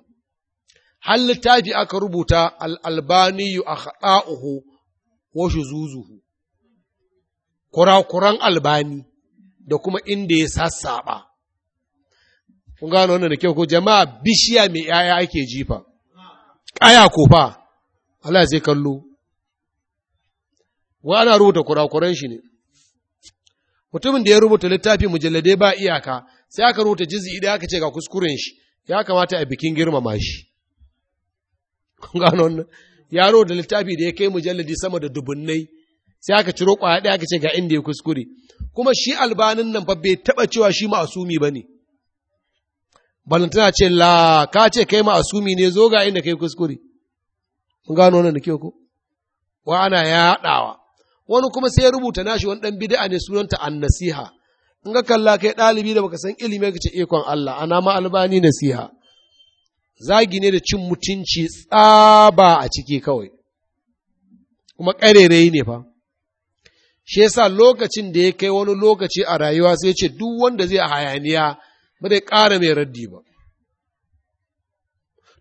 A: hal littafi aka rubuta al'albaniyu a haɗa'uhu wa zuzuhu, kurakuran albani da kuma inda ya sassaɓa. Kun gano wannan da kyau ko jama'a bishiya mai ‘ya'ya ake jifa, ƙaya ko fa, Allah zai kallo, wa ana rubuta kurakuran shi ne. mutumin da ya rubuta littafi mujalladai ba iyaka sai aka rubuta jizi idan aka ce ga kuskuren shi ya kamata a bikin girmama shi kun gano wannan ya rubuta littafi da ya kai mujalladi sama da dubunnai sai aka ciro kwaya ɗaya aka ce ga inda ya kuskure kuma shi albanin nan fa bai taɓa cewa shi ma'asumi ba ne balantana ce la ka ce kai ma'asumi ne zo ga inda kai kuskure mun gano wannan da kyau ko wa ana yaɗawa wani kuma sai ya rubuta nashi wani dan bid'a ne sunanta an-nasiha in ka kalla kai ɗalibi da baka san ilimi ka ce ikon Allah ana ma albani nasiha zagi ne da cin mutunci tsaba a ciki kawai kuma karerai ne fa shi yasa lokacin da ya kai wani lokaci a rayuwa sai ce duk wanda zai hayaniya ba zai ƙara mai raddi ba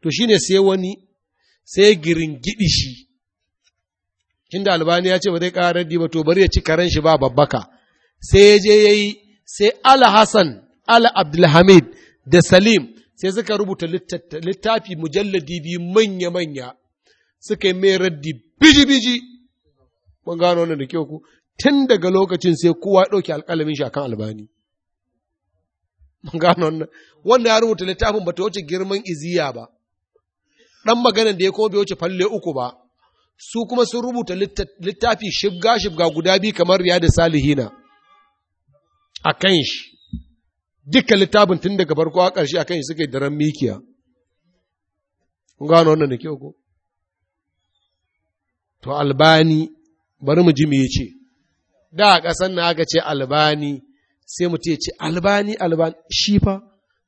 A: to shine sai wani sai giringidi shi Tunda albani ya ce ba zai ƙara ba to bari ya ci karen shi ba babbaka sai ya je ya yi sai ala hassan ala abdulhamid da salim sai suka rubuta littafi mujalladi biyu manya-manya suka yi mai raddi biji-biji mun gano wannan da kyau ku tun daga lokacin sai kowa ɗauke ɗauki alƙalamin shi akan albani mun gano wannan wanda ya rubuta littafin ba ta wuce girman iziya ba ɗan maganan da ya kuma bai wuce falle uku ba su kuma sun rubuta littafi shibga-shibga guda biyu kamar riya da salihina a kan shi dukkan littafin tun daga farko a ƙarshe a kan shi suka yi daren mikiya kun gano wannan da kyau ko to albani bari mu ji me ce da a ƙasan na aka ce albani sai mu ce ce albani albani shi fa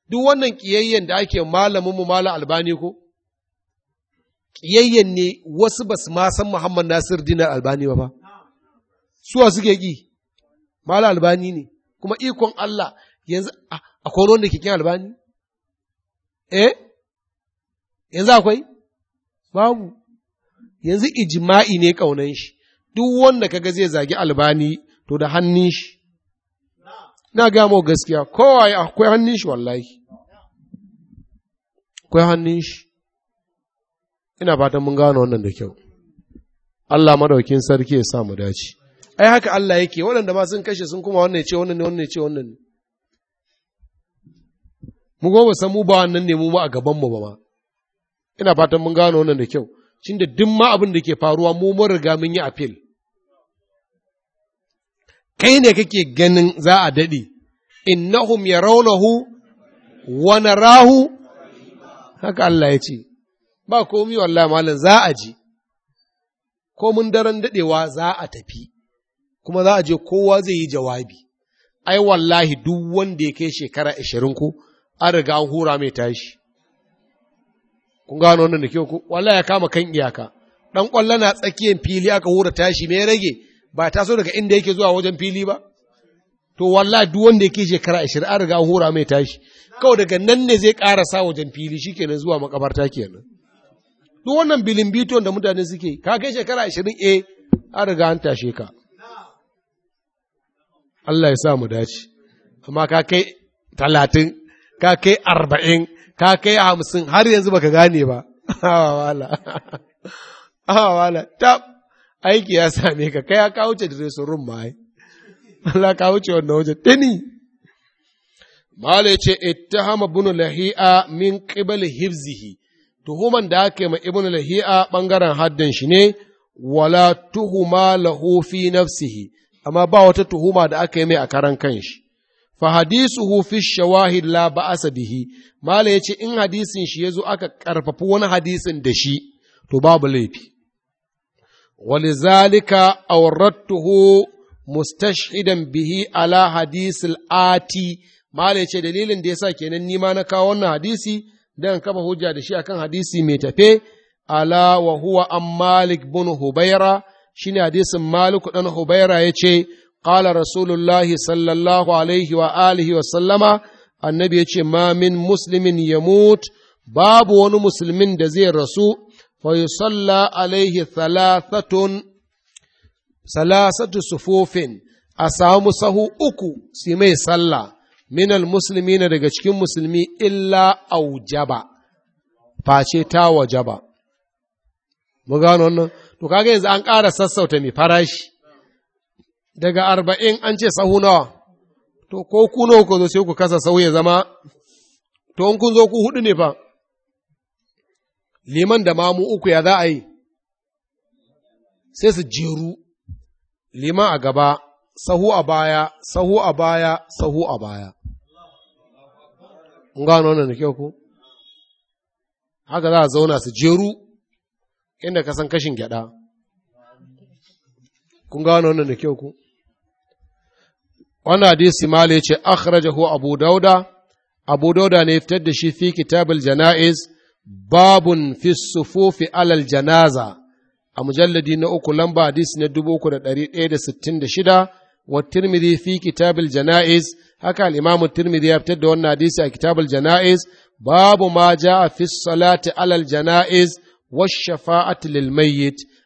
A: duk wannan ƙiyayyen da ake malamin mu mala albani ko ƙiyayyen ne wasu ba su ma san Muhammad Nasir Dinar Albani ba ba. Suwa suke ƙi, Mala Albani ne, kuma ikon Allah yanzu a koron da ke kin Albani? Eh? Yanzu akwai? Babu. Yanzu ijima'i ne ƙaunan shi, duk wanda kaga zai zagi Albani to da hannun shi. Na gamo gaskiya, kowa akwai hannun shi wallahi. Akwai hannun shi. ina fatan mun gano wannan da kyau Allah madaukin sarki ya sa mu dace ai haka Allah yake waɗanda ma sun kashe sun kuma wannan ce wannan ne wannan ce wannan ne mu ba san mu ba wannan ne mu ba a gaban mu ba ma ina fatan mun gano wannan da kyau cin da duk ma abin da ke faruwa mu mun riga mun yi appeal kai ne kake ganin za a dade innahum yarawnahu wa narahu haka Allah ya ce ba komi wallahi malam za a je. ko mun daren daɗewa za a tafi, kuma za a je kowa zai yi jawabi, ai wallahi duk wanda ya kai shekara ashirin ko an riga an hura mai tashi. Kun gano wannan da kyau ko wallahi ya kama kan iyaka, ɗan ƙwallo na tsakiyar fili aka hura tashi me rage ba ta so daga inda yake zuwa wajen fili ba. to wallahi duk wanda yake shekara ashirin an riga an hura mai tashi kawai daga nan ne zai ƙarasa wajen fili shikenan zuwa makabarta kenan duk wannan bilin biton da mutane suke ka kai shekara ashirin e an riga an tashe ka Allah ya sa mu dace amma ka kai talatin ka kai arba'in ka kai hamsin har yanzu baka gane ba wala. awawala wala tab aiki ya same ka kai ya kawo ce da rum ma ai Allah kawo ce wannan waje tani Malai ce ittahama bunu lahi'a min qibali hifzihi tuhuman da aka ma ibn lahi'a ɓangaren haddin shi ne wala tuhuma lahu fi nafsihi amma ba wata tuhuma da aka yi mai a karan kanshi fa hadisuhu fi shawahid la ba'asa bihi mala yace in hadisin shi yazo aka karfafi wani hadisin da shi to babu laifi walizalika awrattuhu mustashhidan bihi ala hadisil ati mala yace dalilin da yasa kenan ma na kawo wannan hadisi dan kafa hujja da shi akan hadisi mai tafe ala wa huwa an malik bin hubaira shine hadisin malik dan hubaira yace qala rasulullahi sallallahu alaihi wa alihi wa sallama annabi yace ma min muslimin yamut babu wani musulmin da zai rasu fa yusalla alaihi thalathatun salasatu sufufin a samu sahu uku su mai sallah minal musulmi na daga cikin musulmi illa aujaba face ta wajaba mu gano wannan to kaga yanzu an ƙara sassauta mai farashi daga arba'in an ce sahu nawa to ko ku nawa ku zo sai ku kasa sahu ya zama to in kun zo ku hudu ne fa liman da mamu uku ya za a yi sai su jeru liman a gaba sahu a baya sahu a baya sahu a baya Mun gano wannan da kyau ko? Haka za a zauna su jeru inda ka kashin gyada. Kun gano wannan da kyau ko? Wannan hadisi Mali ce, Akhrajahu Abu Dauda, Abu Dauda ne fitar da shi fi kitabul jana'iz, babun fi sufufi alal janaza. a mujalladi na uku lamba hadisi na dubu da sittin da shida wa tirmidhi fi kitabul jana'iz haka al-imamu tirmidhi ya fitar da wannan hadisi a kitabul janaiz babu ma a fi salati alal janaiz wa shafa'ati lil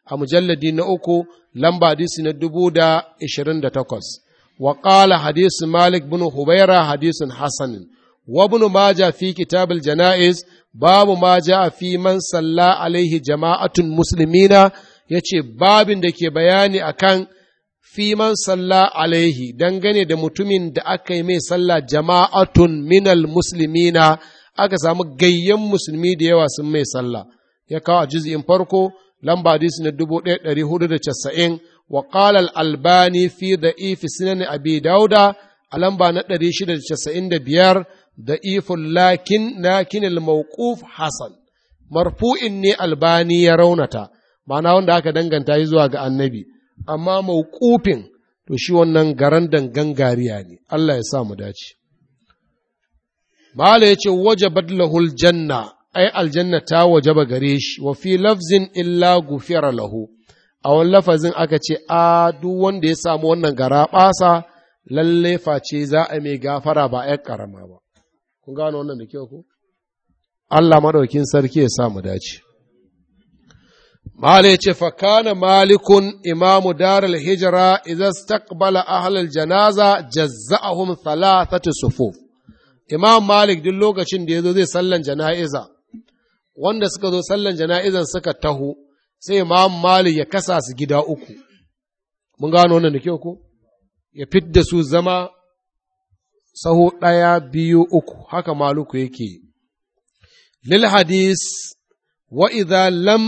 A: a mujalladi na uku lamba hadisi na dubu da ishirin da takwas wa ƙala hadisi malik bin hubaira hadisin hasanin wa ibn majah fi kitabul janaiz babu ma a fi man salla alaihi jama'atun Musulmina, yace babin da ke bayani akan Fiman man salla alaihi dangane da mutumin da aka yi mai sallah jama'atun minal muslimina aka samu gayyan musulmi da yawa sun mai sallah ya kawo a juz'in farko lamba hadisi na 1490 wa qala al albani fi da'if sunan abi dauda a lamba na 695 da'ifun lakin lakin al mawquf hasan marfu'in ne albani ya raunata ma'ana wanda aka danganta yi zuwa ga annabi amma mawqufin to shi wannan garan dangan gariya ne Allah ya sa mu dace Mala ya ce wajabat lahul janna ai aljanna ta wajaba gare shi wa fi lafzin illa gufira lahu a wani lafazin aka ce a duk wanda ya samu wannan gara basa lalle face za a mai gafara ba ‘yan karama ba kun gano wannan da kyau ko Allah maɗaukin sarki ya sa mu dace Mala ya ce, Fakana malikun imamu darar hijira idan stakbala ahalar janaza jazza'ahum thalathatu sufuf. Imam Malik duk lokacin da ya zo zai sallan jana'iza, wanda suka zo sallan jana'izar suka taho, sai Imam Malik ya kasa su gida uku. Mun gano wannan da kyau ko? Ya fidda su zama sau ɗaya biyu uku, haka maluku yake. Lil hadis wa idza lam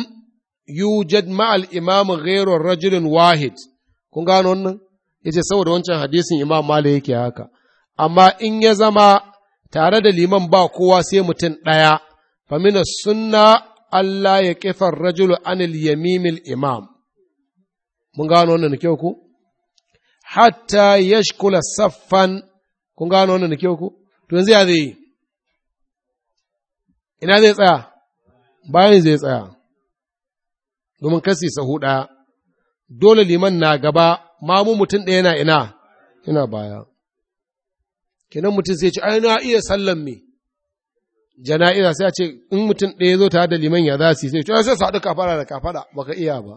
A: yujad ma'al imam ghairur rajulin wahid kun gano wannan yace saboda wancan hadisin imam malik yake haka amma in ya zama tare da liman ba kowa sai mutum ɗaya famina sunna Allah ya kifar rajulu anil yamimil imam mun gano wannan da kyau ku hatta yashkula saffan kun gano wannan da kyau ku to yanzu ya zai ina zai tsaya bayan zai tsaya domin kasi sahu ɗaya, dole liman na gaba, mamu mutum ɗaya na ina, ina baya. kinan mutum sai ce, ai, na iya sallan me, jana'iza sai a ce, in mutum ɗaya zo tare da liman ya za su yi, sai sai su kafara da kafara, baka iya ba.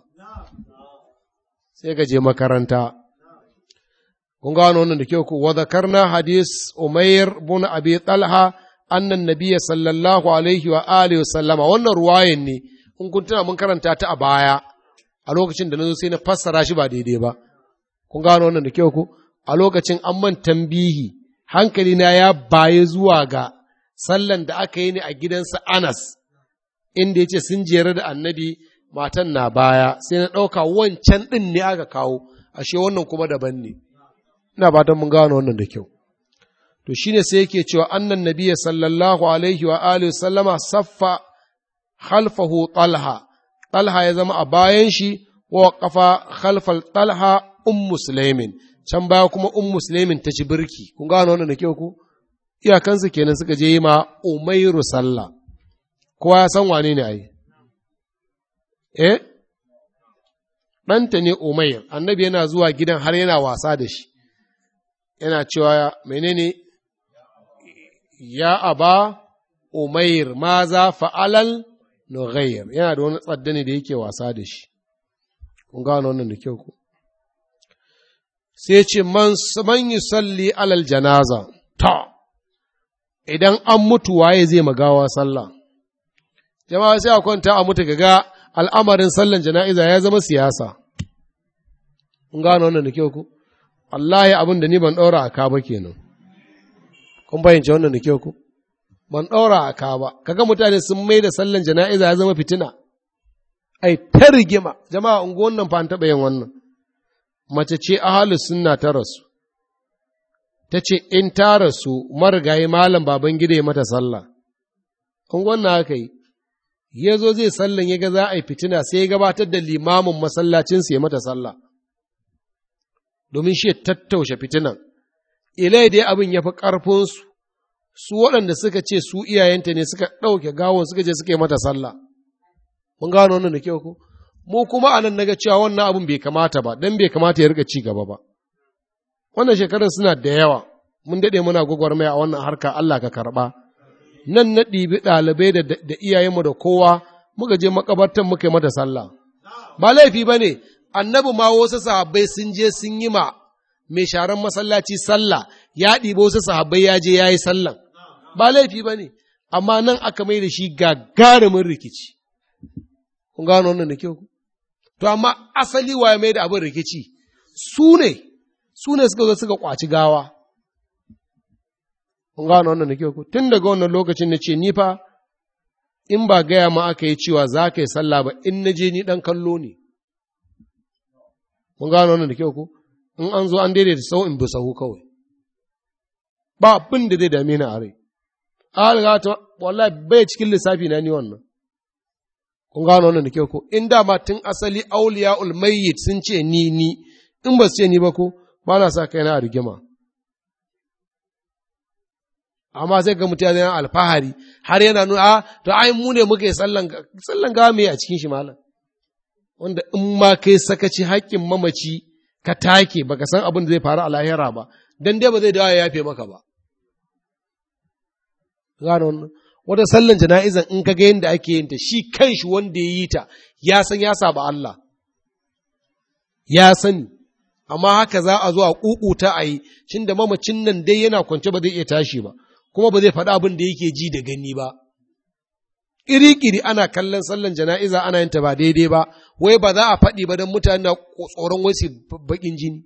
A: Sai ka je makaranta. Kun gano wannan da kyau ku, wa zakarna hadis Umair bin Abi Talha, annan nabiyya sallallahu alaihi wa alihi wa sallama, wannan ruwayen ne, in kun tuna mun karanta ta a baya a lokacin da na zo sai na fassara shi ba daidai ba kun gano wannan da kyau ku a lokacin an man tambihi hankali na ya baye zuwa ga sallan da aka yi ne a gidansa Anas inda yace ce sun jere da annabi matan na baya sai na ɗauka wancan ɗin ne aka kawo ashe wannan kuma daban ne ina fatan mun gano wannan da kyau to shine sai yake cewa annan nabiyya sallallahu alaihi wa alihi sallama saffa khalfahu ɗalha ɗalha ya zama a bayan shi wa kafa khalfal ɗalha um can baya kuma um muslimin ta ci birki kun gano wannan da kyau ku iyakansu kenan suka je yi ma umairu sallah kowa ya san wane ne ai eh ɗanta ne umair annabi yana zuwa gidan har yana wasa da shi yana cewa menene ya aba umair ma za fa'alal nughayr yana da wani tsada ne da yake wasa da shi kun gano wannan da kyau ku sai ce man yi salli alal janaza ta idan an mutu waye zai magawa sallah jama'a sai a kwanta a mutu kaga al'amarin sallan jana'iza ya zama siyasa kun gano wannan da kyau ku Allah ya abin da ni ban ɗaura a ka kenan kun bayyance wannan da kyau ku ban ɗaura a ka ba, kaga mutane sun mai da sallan jana'iza ya zama fitina, ai, ta rigima, jama'a unguwan nan fa an taɓa yin wannan, mace ce ahalu sunna ta rasu, ta ce in ta rasu marigayi malam baban gida ya mata sallah, unguwan na haka yi, ya zo zai sallan ya ga za a yi fitina sai ya gabatar da limamin masallacinsa ya mata sallah, domin shi ya tattaushe fitinan, ilai dai abin ya fi ƙarfinsu. su waɗanda suka ce su iyayenta ne suka ɗauke gawon suka je suka yi mata sallah mun gano wannan da kyau ko mu kuma a nan naga cewa wannan abin bai kamata ba don bai kamata ya rika ci gaba ba wannan shekarar suna da yawa mun daɗe muna gwagwarmaya a wannan harka Allah ka karɓa nan na ɗibi ɗalibai da, da iyayenmu da kowa muka je makabartan muka yi mata sallah ba laifi ba ne annabi ma wasu sahabbai sun je sun yi ma mai sharan masallaci sallah ya ɗibo wasu sahabbai ya je ya yi sallan ba laifi ba ne amma nan aka mai da shi gagarumin rikici kun gano wannan da kyau to amma asali waye mai da abin rikici su ne su ne suka zo suka kwaci gawa kun gano wannan da kyau tun daga wannan lokacin na ce ni fa in ba gaya ma aka yi cewa za ka yi sallah ba in na je ni dan kallo ne kun gano wannan da kyau ko in an zo an daidaita sau in bi sahu kawai ba abin da zai dame ni a rai alga ta wallahi bai cikin lissafi na ni wannan kun gano wannan da kyau ko in ma tun asali auliya ulmayyit sun ce ni ni in ba su ce ni ba ko ba na sa kai a rigima amma sai ga mutum yana alfahari har yana nuna a ah, to ai mu ne muke sallan sallan ga me a cikin shi malam wanda in ma kai sakaci haƙƙin mamaci ka take baka san abin da zai faru a lahira ba dan dai ba zai dawo ya yafe maka ba gano wannan wata sallan jana'izan in ka kaga yadda ake yin ta shi kanshi wanda ya yi ta ya san ya saba Allah ya sani amma haka za a zo a ta a yi shin da mamacin nan dai yana kwance ba zai iya tashi ba kuma ba zai faɗa abin da yake ji da gani ba ƙiriƙiri ana kallon sallan jana'iza ana yin ta ba daidai ba wai ba za a faɗi ba don mutane na tsoron wasu baƙin jini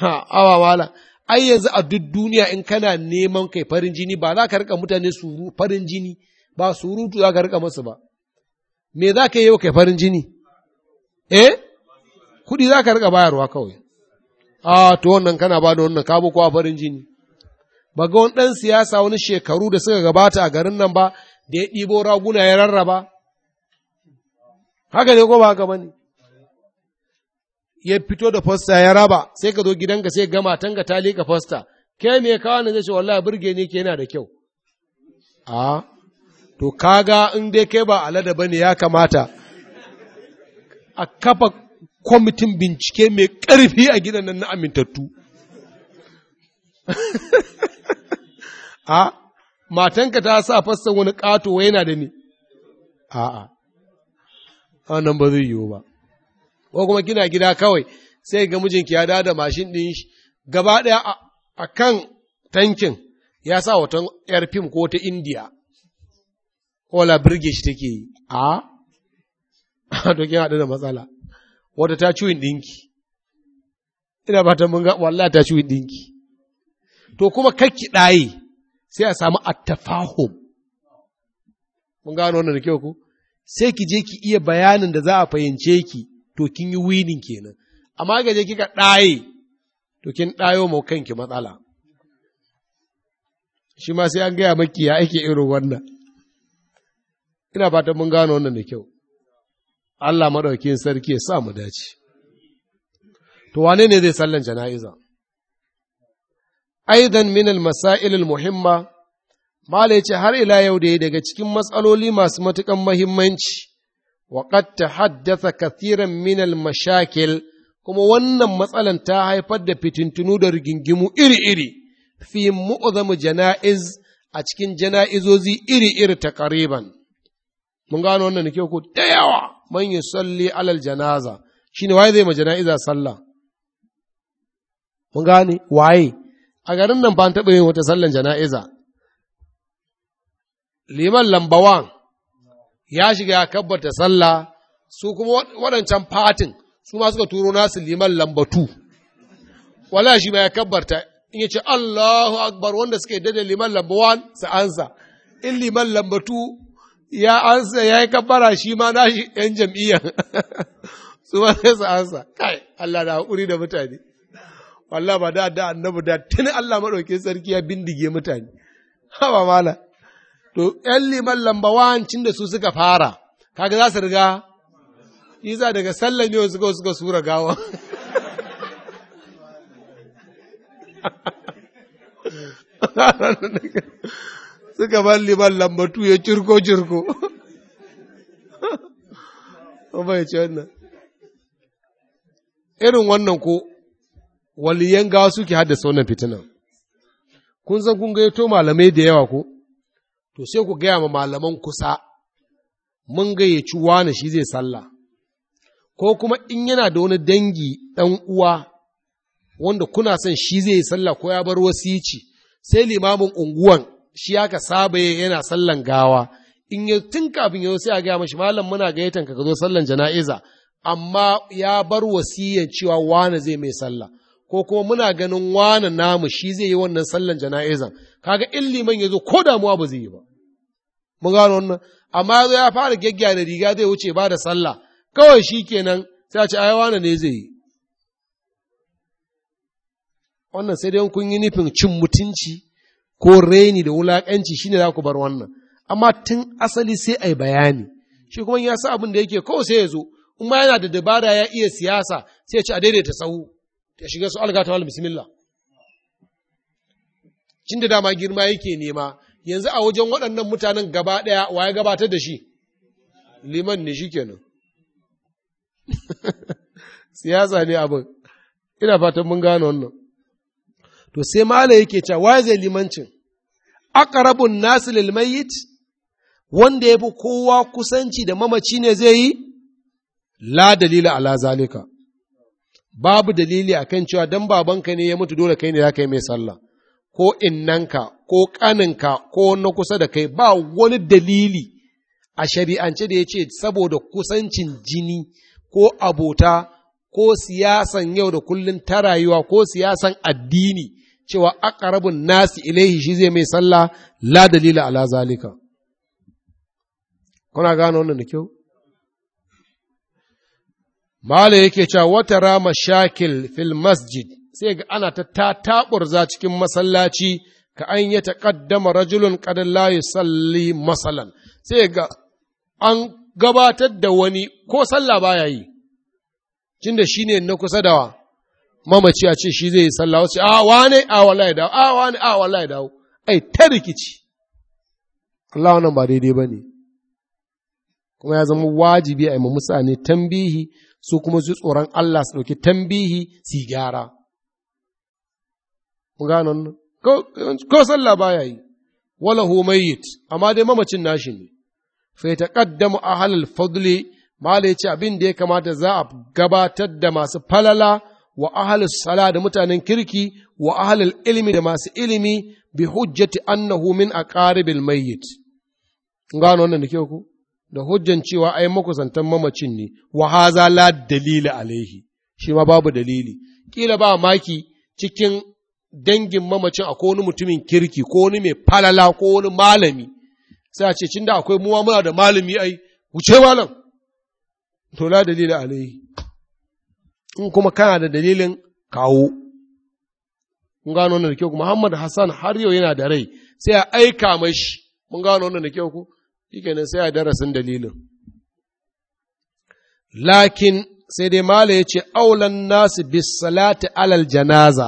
A: ha awa wala ai yanzu a duk duniya in kana neman kai farin jini ba za ka rika mutane suru farin jini ba surutu za ka rika masu ba me za ka yi kai farin jini eh kuɗi za ka rika bayarwa kawai a to wannan kana ba da wannan kabo kowa farin jini ba ga wani ɗan siyasa wani shekaru da suka gabata a garin nan ba da ya ɗibo raguna ya rarraba haka ne ko ba haka bane ya fito da fosta ya raba sai ka zo gidanka sai gama tanga ta lika fosta kai me ka ne zai ce wallahi burge ni ke yana da kyau a to kaga in dai kai ba alada bane ya kamata a kafa kwamitin bincike mai ƙarfi a gidan nan na amintattu <laughs> a matanka ta sa fassan wani ƙato yana da ni a'a nan ba zai yiwu ba ko kuma kina gida kawai sai ga mijinki ya da mashin ɗin shi gaba ɗaya a kan tankin ya sa hoton ‘yar fim ko ta indiya wala birge shi take yi a <laughs> to kin haɗu da matsala wata ta ciwon ɗinki ina ba ta mun ga wallahi ta ciwon ɗinki to kuma kakki dai sai a samu attafahum mun gano wannan da kyau ku sai ki je ki iya bayanin da za a fahimce ki to kin yi winin kenan amma gaje kika ɗaye to kin ɗayo mu kanki matsala shi ma sai an gaya maki ya ake irin wannan ina fatan mun gano wannan da kyau Allah maɗaukin sarki ya sa mu dace to wane ne zai sallan jana'iza aidan min al-masail al-muhimma mala yace har ila yau da daga cikin matsaloli masu matukan muhimmanci wa qad tahaddasa kathiran min al-mashakil kuma wannan matsalan ta haifar da fitintunu da rigingimu iri-iri fi mu'zamu jana'iz a cikin jana'izozi iri-iri ta kariban mun gano wannan ne ku da yawa man yusalli alal janaza shine waye zai ma jana'iza sallah mun gane waye a garin nan ba an taɓa yin wata sallan jana'iza liman lambawan ya shiga ya kabbata sallah su kuma waɗancan fatin su ma suka turo nasu liman lambatu wala shi ma ya kabbarta in ya ce Allahu akbar wanda suke dade liman lamba 1 su ansa in liman lamba ya ansa ya yi kabbara shi ma na shi yan jam'iyya <laughs> su ma sai su ansa kai Allah da hakuri da mutane wallahi ba da da annabi da tun Allah madauke sarki ya bindige mutane haba mala to ‘yan liman lamba cin da su suka fara, kaga za su riga, iza daga sallan yau suka suka sura gawa. <laughs> Suka bar liman tu ya cirko-cirko. <laughs> Ba ce wannan. Irin wannan ko, waliyan gawa suke haddasa wannan fitinan. Kun san kun to malamai da yawa ko? to sai ku gaya ma malaman kusa mun gayyaci wani shi zai sallah ko kuma in yana da wani dangi ɗan uwa wanda kuna son shi zai yi sallah ko ya bar wasici sai limamin unguwan shi aka saba yana sallan gawa in ya tun kafin yau sai a gaya mashi malam muna gayyatan ka zo sallan jana'iza amma ya bar wasiyan cewa wani zai mai sallah ko kuma muna ganin wani namu shi zai yi wannan sallan jana'izan kaga in liman ya zo ko damuwa ba zai yi ba mun gano wannan amma ya zo ya fara da riga zai wuce ba da sallah kawai shi kenan sai a ce ai wane ne zai yi wannan sai dai kun yi nufin cin mutunci ko reni da wulaƙanci shi ne za ku bar wannan amma tun asali sai a yi bayani shi kuma ya sa abin da yake kawai sai ya zo in yana da dabara ya iya siyasa sai ya ci a daidaita sahu ya shiga su algata wal bismillah Cinda da dama girma yake nema yanzu a wajen waɗannan mutanen gaba ɗaya wa ya gabatar da shi liman ne shi kenan <laughs> siyasa ne abin ina fatan mun gane wannan to sai mala yake cewa wa zai limancin aqrabun nas lil mayyit wanda yafi kowa kusanci da mamaci ne zai yi la dalila ala zalika babu dalili akan cewa dan babanka ne ya mutu dole kai ne za ka yi mai sallah ko innanka ko ƙaninka ko na kusa da kai ba wani dalili a shari'ance da ya ce saboda kusancin jini ko abota ko siyasan yau da kullun ta rayuwa ko siyasan addini cewa aqrabun nasi ilaihi shi zai mai sallah la dalila ala zalika kuna gano wannan da kyau Mala yake cewa wata rama shakil fil masjid sai ga ana ta taɓurza cikin masallaci ka an yi taƙaddama rajulun ƙadar salli masalan sai ga an gabatar da wani ko sallah baya yi cin da shi ne na kusa da mamaci a ce shi zai yi sallah wasu a wane a wallahi dawo a wane a wallahi dawo ai ta rikici Allah wannan ba daidai ba ne kuma ya zama wajibi a yi mutane tambihi su kuma su tsoron Allah su ɗauki tambihi su gyara. Ku gano nan, ko sallah baya yi, wala humayyit, amma dai mamacin nashi ne. Fai ta ƙaddamu a halal fadli, da ya ce abin da ya kamata za a gabatar da masu falala wa ahalul sala da mutanen kirki wa ahalul ilimi da masu ilimi bi hujjati annahu min aqaribil mayyit. Ku gano nan da ke ku? da hujjan cewa ai makusantan mamacin ne wa haza la dalila alaihi shi ma babu dalili kila ba maki cikin dangin mamacin akwai wani mutumin kirki ko wani mai falala ko wani malami sai a ce cin da akwai muwa muna da malami ai wuce malam to la dalila alaihi in kuma kana da dalilin kawo mun gano wannan da kyau Muhammad Hassan har yau yana da rai sai a aika mai shi. mun gano wannan da kyau ku shikenan sai a darasin dalilin lakin sai dai mala ya ce aulan nasu bis salati alal janaza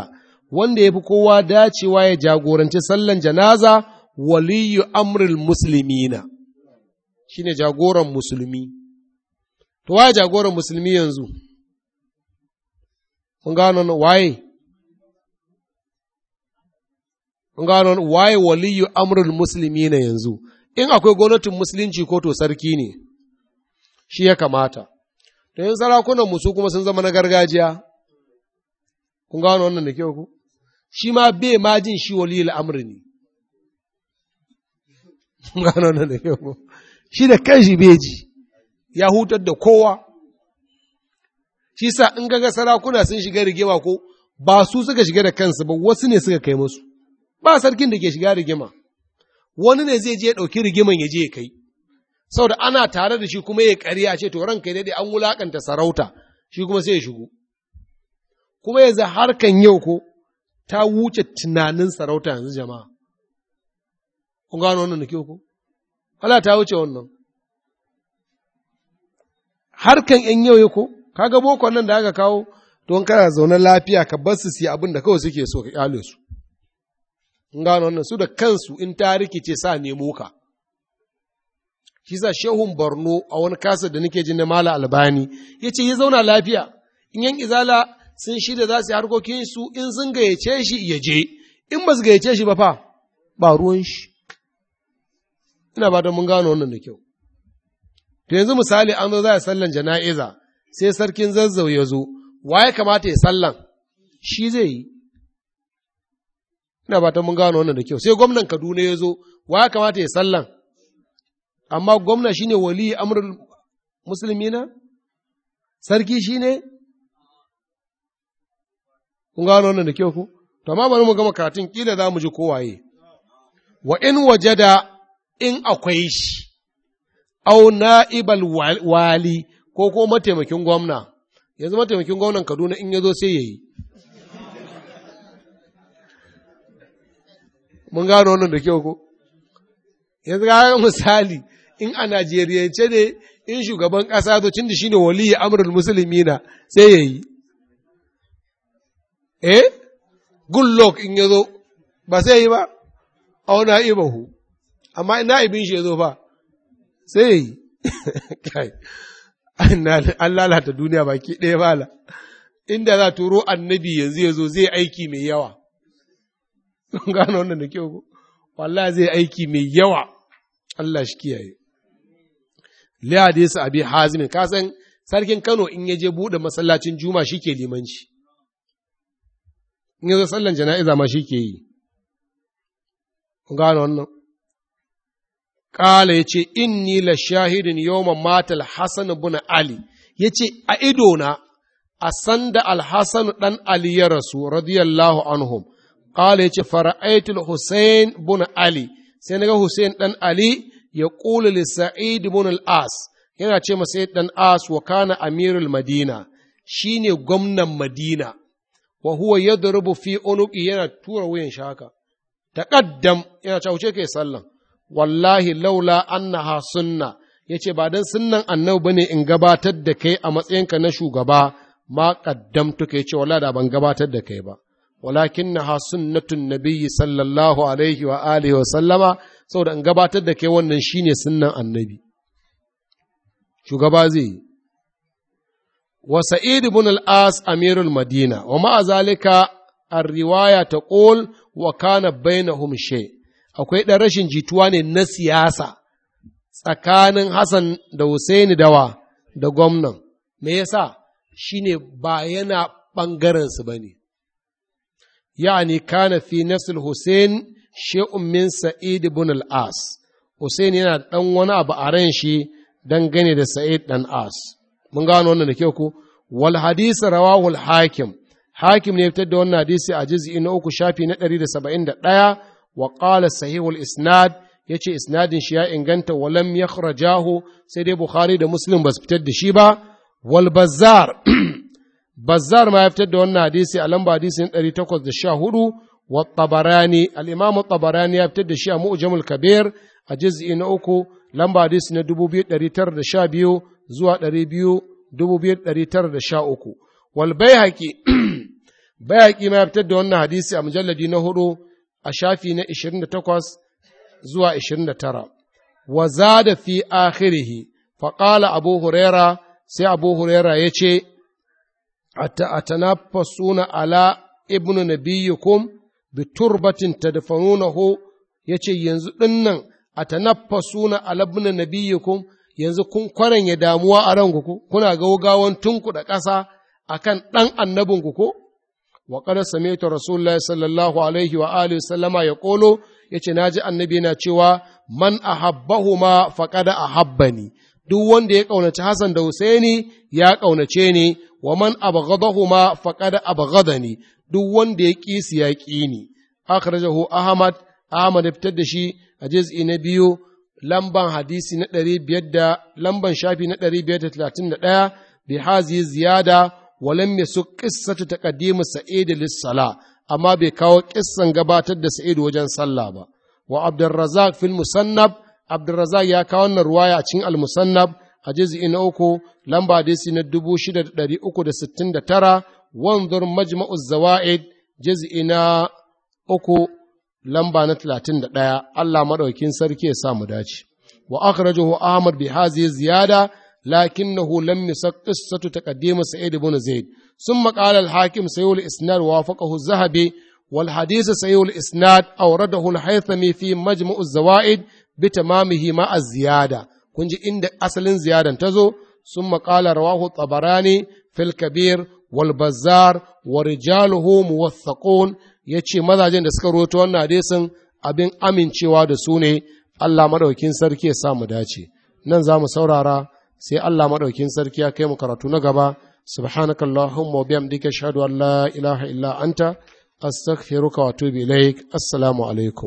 A: wanda ya fi kowa dacewa ya jagoranci sallan janaza waliyu amril Shi shine jagoran musulmi to waye jagoran musulmi yanzu kun gano waye kun gano waye waliyu musulmi na yanzu in akwai gwamnatin musulunci ko to sarki ne shi ya kamata to yin sarakunan musu kuma sun zama na gargajiya kun gano wannan da kyau ku shi ma bai ma jin shi wali amri ne kun gano wannan da kyau ku shi da kanshi bai ji ya hutar da kowa shi sa in ga sarakuna sun shiga rigima ko ba su suka shiga da kansu ba wasu ne suka kai musu ba sarkin da ke shiga rigima wani ne zai je ya ɗauki rigiman ya je ya kai saboda ana tare da shi kuma ya ƙarya ce to ranka ne daidai an wulaƙanta sarauta shi kuma sai ya shigo kuma yanzu harkan yau ko ta wuce tunanin sarauta yanzu jama'a kun gano wannan da kyau ko Allah ta wuce wannan harkan ‘yan yau ya ko, kaga boko nan da aka kawo, don kana zaune lafiya ka bar su siya abin da kawai suke so ka kyale su. kun gano wannan su da kansu in ta rikice sa nemo ka shi sa shehun borno a wani kasa da nake jin na mala albani ya ce ya zauna lafiya in yan izala sun shirya za su yi harkokin su in sun gayyace shi ya je in ba su gayyace shi ba fa ba ruwan shi ina ba don mun gano wannan da kyau to yanzu misali an zo za a sallan jana'iza sai sarkin zazzau ya zo wa ya kamata ya sallan shi zai yi ina ba ta mun gano wannan da kyau sai gwamnan Kaduna ya zo wa ya kamata ya sallan amma gwamna shine wali amrul na sarki shine kun gano wannan da kyau ku to amma bari mu gama karatun kila za mu ji kowaye wa in wajada in akwai shi au na'ibal wali ko ko mataimakin gwamna yanzu mataimakin gwamnan Kaduna in ya zo sai yayi Mun gano wannan da kyau ko? Yanzu ga misali, in a Najeriya ce ne, in shugaban ƙasa to cin da shi ne waliyi amrul musulmi na sai ya yi. Eh? Good luck in yazo zo, ba sai yi ba, au na'ibahu, amma na'ibin shi yazo fa sai ya yi. <laughs> Kai, an lalata duniya baki ɗaya bala. Inda za turo annabi yanzu ya zo zai aiki mai yawa. gano wannan da kyau wallahi zai aiki mai yawa Allah shi kiyaye da yasa abi hazim ka san sarkin Kano in ya je bude masallacin juma shike limanci in ya sallan jana'iza ma shike yi gano wannan kala yace inni la shahidin yawma matal hasan ibn ali yace a ido na a sanda al dan ali ya rasu radiyallahu anhum Ƙala ya ce, Fara'aitul hussain bin Ali, sai na ga ɗan Ali ya ƙula li Sa'id bin al-As, yana ce ma sai ɗan As wa kana amirul Madina, shi ne gwamnan Madina, wa huwa yadrubu fi unuqi yana tura wuyan shaka. Taƙaddam yana cewa wuce kai sallan, wallahi laula annaha sunna, ya ce ba don sunnan annabi ba ne in gabatar da kai a matsayinka na shugaba, ma ƙaddamtuka ya ce wallahi da ban gabatar da kai ba. walakinnaha sunnatun nabiyyi sallallahu alaihi wa wa sallama saboda in gabatar da kai wannan shine sunnan annabi shugaba zai yi wa sa'id ibn al-as amirul madina wa ma'a zalika ar-riwaya taqul wa kana bainahum shay akwai dan rashin jituwa ne na siyasa tsakanin Hassan da Husaini dawa da gwamnan me yasa shine ba yana ɓangarensu ba ne yani kana fi nasl Hussein Sa'id ibn as Hussein yana ɗan wani abu a ran shi dangane da Sa'id dan As mun gano wannan da kyau ku? wal hadisi rawahu al-Hakim Hakim ne fitar da wannan hadisi a juz'i na uku shafi na 171 wa qala sahihul isnad yace isnadin shi ya inganta walam yakhrajahu sai dai Bukhari da Muslim basu fitar da shi ba wal Bazzar ma ya fitar da wannan hadisi a lamba hadisin 814 wa Tabarani, al-Imam Tabarani ya fitar da shi a Mu'jamul Kabir a juz'i na uku lamba hadisi na 2912 zuwa 2913. Wal Baihaqi <clears throat> Baihaqi ma ya fitar da wannan hadisi a mujalladi na hudu a shafi na 28 zuwa 29. Wa zada fi akhirih faqala Abu Huraira sai Abu Huraira yace atanaffasuna ala ibnu nabiyikum bi turbatin tadfanunahu yace yanzu dinnan atanaffasuna ala yanzu kun kwaranya damuwa a ranku ko kuna gaugawan da ƙasa akan ɗan ku ko wa qad sami'tu rasulullahi sallallahu alaihi wa alihi sallama ya kolo, yace ji annabi yana cewa man ahabbahuma habba ne. duk wanda ya ƙaunaci Hassan da Husaini ya ƙaunace ni wa man abghadahuma faqad abghadani duk wanda ya ƙi su ya ƙi ni akhrajahu ahmad ahmad fitar da shi a juz'i na biyu lamban hadisi na ɗari biyar da lamban shafi na ɗari biyar da da bi hazi ziyada walam yasu qissatu taqdimu sa'id lis-sala amma bai kawo kissan gabatar da sa'id wajen sallah ba wa abdurrazzaq fil musannab abdurrazzaq ya kawo wannan ruwaya a cikin al-musannab A jaziɗi na uku lamba desi na dubu shida da dari uku da sittin da tara, wanzuwar majma'us zawa Eid, jaziɗi na uku lamba na talatin da ɗaya, Allah maɗaukin sarki ya sa mu dace. Wa'akar da jiho ahmad bai hajja ziyada, lakin na hulɗar da tashar taƙaddimar Sa'idu Buna Zaid, sun maƙala al-hakim Sayyid Waal isnar wa fuka zahabi wal hadisa Sayyid Waal isnar aure da hulharsami fiye majma'us zawa Eid, bata ziyada. kun ji inda asalin ziyadan ta zo sun maƙala rawahu tabarani fil kabir wal bazzar wa rijaluhu muwaththaqun yace mazajen da suka roto wannan hadisin abin amincewa da su ne Allah madaukin sarki ya sa mu dace nan za mu saurara sai Allah madaukin sarki ya kai mu karatu na gaba سبحانك اللهم وبحمدك اشهد la ilaha illa الا انت استغفرك واتوب اليك السلام alaikum.